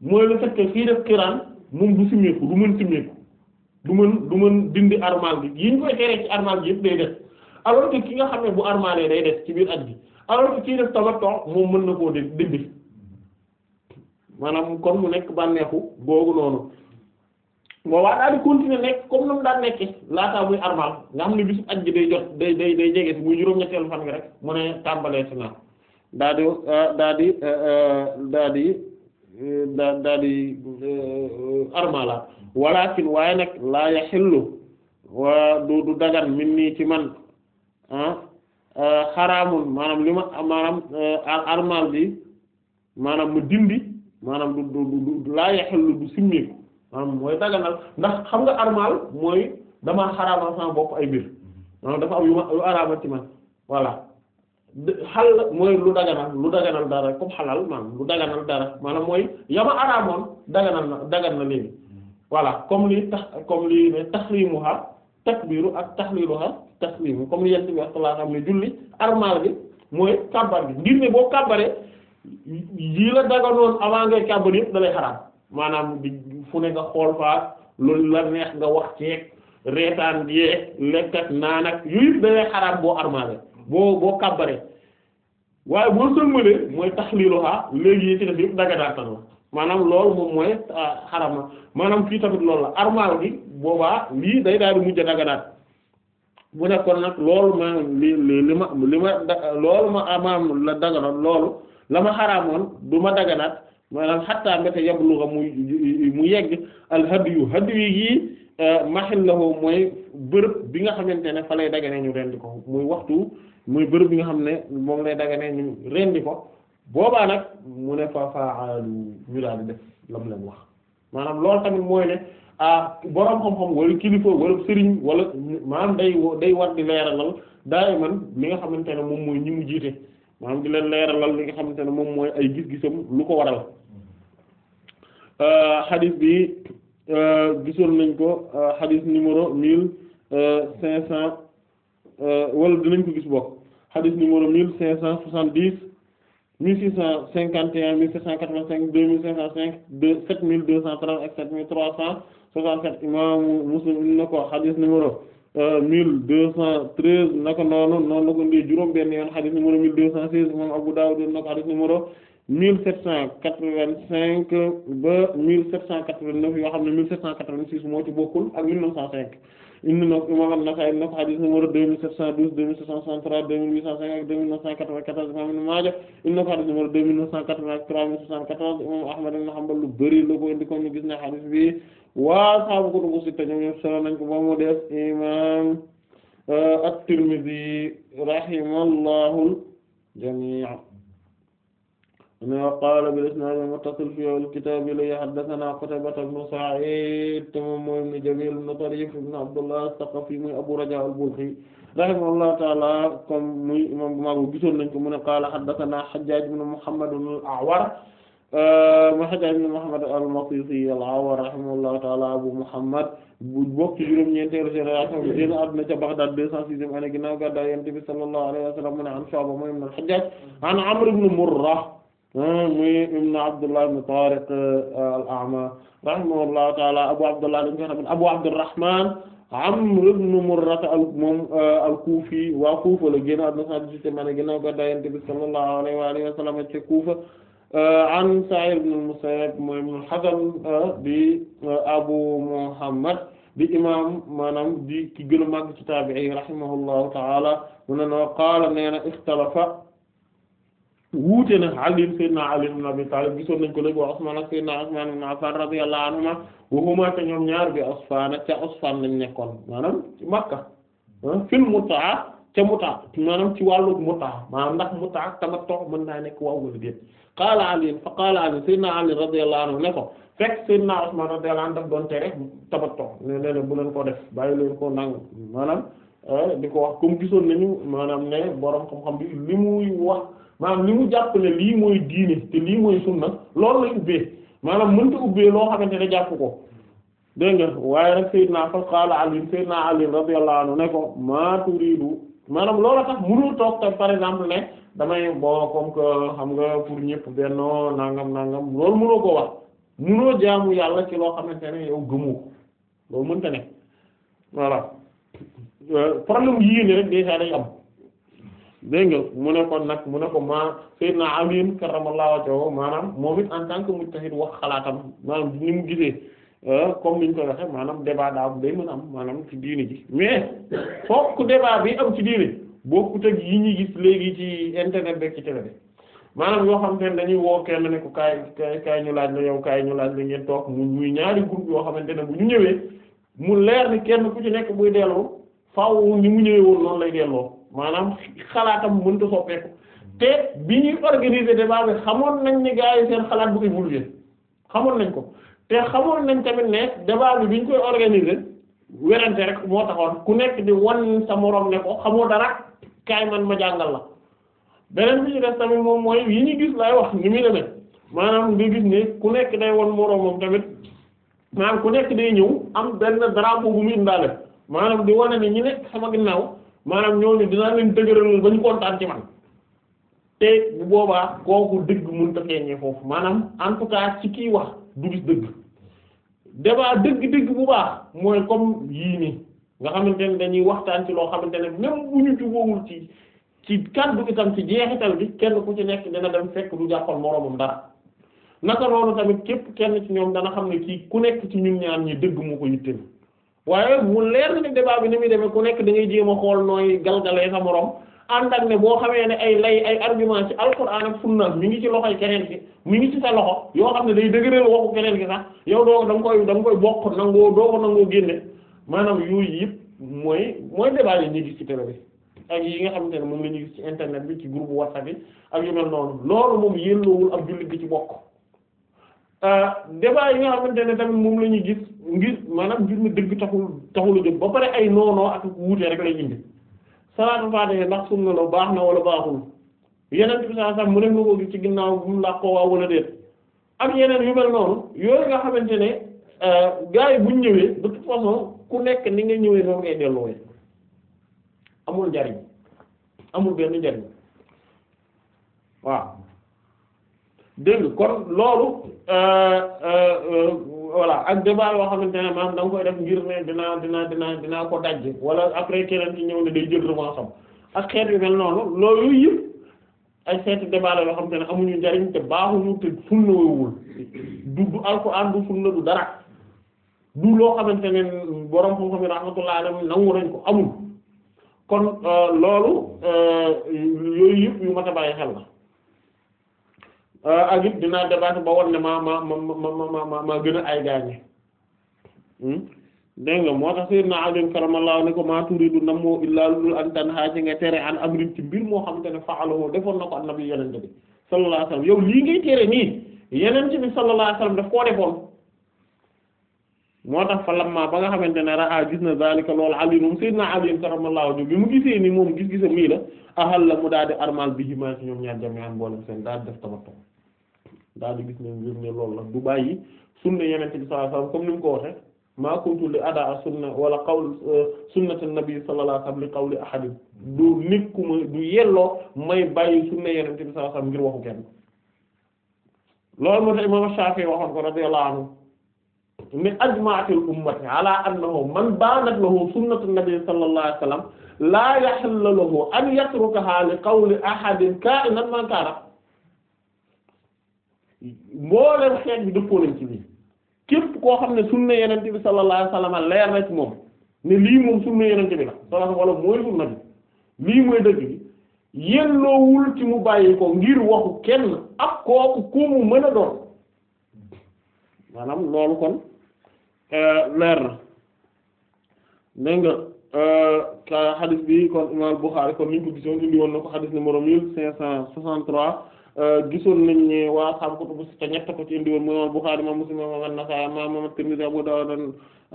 mooy la fait que kii def xiraan moom du simmeeku du mën simmeeku du mën du mën dindi armal bi yi ñu koy teree ci armal bi yëpp day def alors ki nga xam ne bu armalee day def ci biir at bi alors que kii def mën na koo dindi maanaam kon mu nekk bànneexu googu noonu boobaa daal di continuer nekk comme mu daan nekke laataa muy armal nga xam ne bisu aj day jot day day day jege si muy juróom-ñetteelu fan nga tàmbalee si naa daa euh, euh, euh, waaye nag laa yaxillu waa du dagan min nii ci man ah, xaraamun maanaam li ma maanaam armal bi maanaam mu dindi maanaam du du du laa yaxellu du simmeeku maanaam mooy daganal ndax xam nga armal mooy damaa xaraamal sama bopp ay mbir maanaam dafa am yu araamal ci lu daganal lu daganal dara comme xalal maanaam na dagan na léegi li tax comme li ne tahrimuha takbiru ak tahliluha taslimu comme li yent bi sallallahu alayhi wasallam ne julli armal gi mooy kàbbar gi ngir ne boo kàbbaree lii la daganoon avant ngay kàbbar yëpp dalay lay xaraam maanaam di fu ne xool faa loolu la neex nga wax ceeg reetaan yeeg lekk ak naan ak yooyu yëpp da xaraam boo armaale boo boo kàbbaree waaye boo sëlmalee mooy tahliluha léegi yi ci def yëpp daganaatal la maanaam loolu moom mooy ah, xaram maanaam fii tamit loolu la armal bi boobaa lii day daal mujj a daganaat bu nekkoon nag loolu ma li li ma li ma loolu ma amaam la daganoon loolu la ma xaraamoon du ma daganaat maanaam xatta mbéte yabluga mu mu yegg alhadiyu hadiyu la euh, mahillahu mooy bërëb bi nga xamante ne fa lay dagane ñu rendi ko muy waxtu muy bërëb bi nga xam ne moom lay dagane ñu rendi ko boobaa nag mu ne fa faalu ñu daal di def lam leen wax maanaam loolu tamit mooy ne ah boroom xam-xam wala kilifa wala sëriñ wala maanaam day day war di leeralal daay man nga xamante ne moom mooy ñi mu jiite maanaam di leen leeralal li nga xamante ne moom mooy ay gis-gisam lu ko waral xadis mm-hmm. euh, bi euh, gisoon nañ ko xadis euh, numéro mille cinq cent wala dinañ ko gis boo xadis numéro mille cinq cent soixante-dix mille six cent cinquante et un mille sept cent quatre-vingt-cinq deux mille cinq cent cinq deux sept mille deux cent trente ak sept mille trois cent soixante-sept imaamu Muslim na ko xadis numéro mille deux cent treize naka noonu noonu la ko indi juróom benn yoon xadis numéro mille deux cent seize moom Abu Dawud quatre-vingt-cinq ba mille sept cent quatre vingt six moo ci bokkul ak mille neuf cent cinq indi na imam an-Nasa'i na ko xadis numéro deux mille sept cent douze deux mille sept cent trois deux mille huit cent cinq ak deux mille neuf cent quatre-vingt-quatorze imam Ibn Maaja indi xadis numéro deux mille neuf cent quatre-vingt-trois mille soixante-quatorze bi waa ashaabu kutubu sitta ñoom ñëpp solo nañ ko ba mu def imam euh, at-Tirmidhi rahimahullahu jamii'an wa qaala bil-isnaad al-muttasil fii al-kitaab ilayhi haddathanaa Qutaybata ibn Sa'iid moom mooy ibn Jamiil ibn Tariif Abu Rajaa al-Balkhi rahimahullahu ta'aala comme muy imam bu mag nañ ko mu ne qaala haddathanaa Hajjaaj ibn Muhammad al-A'war Euh, ma Hajjaj ibn Muhammad al-Maqdisi al-Awwar rahimahullahu ta'ala Abu Muhammad bu bokk ci juróom-ñeenteelu génération bi génn àdduna ca Baghdad deux cent sixième année ginnaaw gàddaay Yonent bi sallallahu alayhi wa sallam mu ne an Shu'ba mooy ibn al-Hajjaj an Amr ibn Murra muy ibn Abdullah ibn Tariq euh, al-A'ma rahimahullahu ta'ala Abu Abdullah dañ koy xam Abu Abdurrahman Amr ibn Murra moom euh, al-Kufi waa Kufa la génn àdduna cent dix-huitième année ginnaaw gàddaay Yonent bi sallallahu alayhi wa sallam ca Kufa an Sa'id ibn al-Musayyib mooy ibn al-Hakam di Abu Muhammad di imam maanaam di ki gën a màgg ci taabi'i rahimahullahu ta'ala mu ne noo qaala nee na ixtalafa wuute na Ali sayyidina Ali ibn Abi Talib gisoon nañ ko léegi wa Usman ak sayyidina Usman ibn Affan radiyallahu anhuma wa huma te ñoom ñaar bi Usfan ca Usfan lañ nekkoon maanaam ci Makka ah, fil mut'a ca mutaa maanaam ci wàllu mutaa maanaam ndax mutaa tamattu mën naa nekk waaw wala déet qaala Ali fa qaala Ali sayyidina Ali radiyallahu anhu ne ko fekk sayyidina Usman radiyallahu anhu daf doon tere tamattu ne nee ne bu leen ko def maanaam eh, di ko wax gisoon nañu maanaam ne xam-xam bi li muy maanaam li mu jàpp ne lii mooy diine te lii mooy sunna loolu loo xamante ne jàpp ko dégg nga waaye rek sayyidina fa qaala Ali sayyidina Ali radiyallahu ne ko maa turiidu maanaam loola tax mënul toog tam par exemple ne damay bon comme que xam nga pour ñëpp bennoo nangam nangam loolu mënoo ko wax mënoo jaamu yàlla ci loo xamante ne yow gëmoo loolu mënta ne voilà euh, problème yii ne rek déjà day am dégg mu ne kon nag mu ne ko ma Seydina Ali karramallahu wajhahu maanaam moom it en tant que mujtahid wax xalaatam maanaam ni gisee Euh, comme niñ ko waxee maanaam débat daa day mën a am maanaam ci diini ji mais fokk débat bi am ci diini bokkut ak yi ñuy gis léegi ci internet rek ci télé bi maanaam yoo xam ne dañuy woo kenn ne ko kaay kaay kaay ñu laaj la yow kaay ñu laaj la ngeen toog mu muy ñaari groupe yoo xamante ne bu ñu ñëwee mu leer ni kenn ku ci nekk buy delloo faw ni mu ñëwee woon noonu lay delloo maanaam xalaatam mënta soppeeku te bi ñuy organiser débat bi xamoon nañ ne gars yi seen xalaat bu évolué xamoon nañ ko te xamoon nañ tamit ne débat bi biñ koy organiser werante rek moo taxoon ku nekk di wan sa moroom ne ko xamoo dara kaay man ma jàngal la beneen bi ci des tamit moom mooy yi ñu gis lay wax ni muy demee maanaam nga gis ne ku nekk day wan moroomam tamit maanaam ku nekk day ñëw am benn drapeau bu mu indaale maanaam di wane ne ñi nekk sama ginnaaw maanaam ñooñu dinaa leen dëgëral ba ñu kontaan ci man te boobaa kooku dëgg mënut feeñee foofu maanaam en tout kiy wax du débat dëgg-dëgg bu baax mooy comme yii nii nga xamante ne dañuy waxtaan ci loo xamante ne même bu ñu jubóowul ci ci kàddu itam ci jeexital bi kenn ku ci nekk dina dem fekk du jàppal moroomam dara naka loolu tamit képp kenn ci ñoom dana xam ne kii ku nekk ci ñun ñaan ñi dëgg moo ko yitteel waaye mu leer na ne débat bi ni muy demee ku nekk da ngay jéem a xool nooy galgalee sa moroom ànd ak ne boo xamee ne ay lay ay argument ci alquran ak sunna mi ngi ci loxoy keneen gi mu ngi ci sa loxo yoo xam ne day dëgëral waxu keneen gi sax yow doo da nga koy da koy bokk nangoo doo ko nangoo génne maanaam yooyu yëpp mooy mooy débat yi ñu gis ci télé bi ak yi nga xamante ne moom la ñu ci internet bi ci groupe whatsapp bi ak yu noonu loolu moom yelloowul ak bi ci bokk euh, débat yi nga xamante ne tamit moom la ñuy gis ngir maanaam ngir ne dëgg taxul taxul a jóg ba pare ay noonoo ak wuute rek lay indi salaatu faatiha ndax sunna la baax na wala baaxul yeneen bi saa sax mu nekk ko ci ginnaaw bu mu làqoo waa wala déet ak yeneen yu mel noonu yooyu nga xamante ne euh, gars yi buñ ñëwee de façon ku nekk ni nga ñëwee noonu ngay delluwee amul njariñ amul benn njariñ waaw dégg kon loolu euh, euh, euh, voilà ak débat yoo xamante ne maanaam da nga koy def ngir ne dinaa dina dinaa dinaa ko dajj wala après keneen ci ñëw ne day jël revanche am ak xeet yu mel noonu loolu yëpp ay xeeti ne amuñu njariñ baaxuñu te sunna wowul du du alxuraan loo xamante ne borom xam-xam yi rahmatullah nañ ko amul kon loolu yooyu yëpp yu mat bàyyi xel la Euh, ak it dinaa débatté ba won ne maa ma ma ma ma ma gën a ay gaañe hmm? dégg nga moo tax sayyidna Ali karamallahu ne ko maa turidu namoo illaa ludul an tanhaa ci nga tere an amrin ci mbir moo xam te ne fa'alahu defoon na ko annabi yonent bi sallallahu alayhi wasallam yow lii ngay tere nii yonent bi sallallahu alayhi wasallam daf koo defoon moo tax fa lamma ba nga xamante ne raa gis na zalika loolu ali moom sayyidna Ali karamallahu bi mu gisee ni moom gis-gisa mii la ahal la mu daal di armal bi himaa ci ñoom ñaar jami'an boolem seen daal di def tamattu daal di gis ne mbir ne loolu la du bàyyi sunna yenente bi sallallahu alayhi wasallam comme ni mu ko waxe maa kuntu li ada a sunna wala qawl euh, sunnata nabi sallallahu alayhi wasallam li qawli ahadin du nekkuma du yelloo may bàyyi sunna yenente bi sallallahu alayhi wasallam ngir waxu kenn loolu moo tax imam Shafi'i waxoon ko radiyallahu anhu ne ajma'atil ummati ala annahu man banat lahu sunnatu nabi sallallahu alayhi wasallam la yahillu lahu an yatrukaha li qawli ahadin ka'inan man kana mbooleem xeet bi dëppoo nañ ci lii képp koo xam ne sunna yenente bi sallallahu alayhi leer na ci moom ne lii moom sunna yenente bi la sallallahu wala mooy sunna bi lii mooy dëgg bi yelloowul ci mu bàyyi ko ngir waxu kenn ak kooku ku mu mën a doon maanaam loolu kon euh, leer na dégg nga xadis euh, bi kon imaam Buxaari kon niñ ko gisoon woon na ko xadis numéro mille cinq cent soixante-trois Euh, gisoon nañ ne waa xam kutubu sitta ñett ko ci indi woon mooy Bukhari ma Muslim ma An-Nasa'i ma Tirmidhi Abu Dawud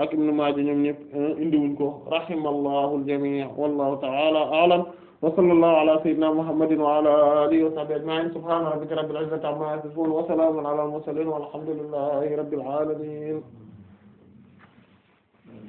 ak Ibn Maaja ñoom ñëpp euh, indiwuñ ko rahimallahu al-jami' wallahu ta'ala a'lam wa sallallahu ala sayyidina Muhammadin wa ala alihi wa sahbihi ajma'in subhana rabbika rabbil izzati amma yasifun wa salamun ala al-mursalin walhamdulillahi rabbil alamin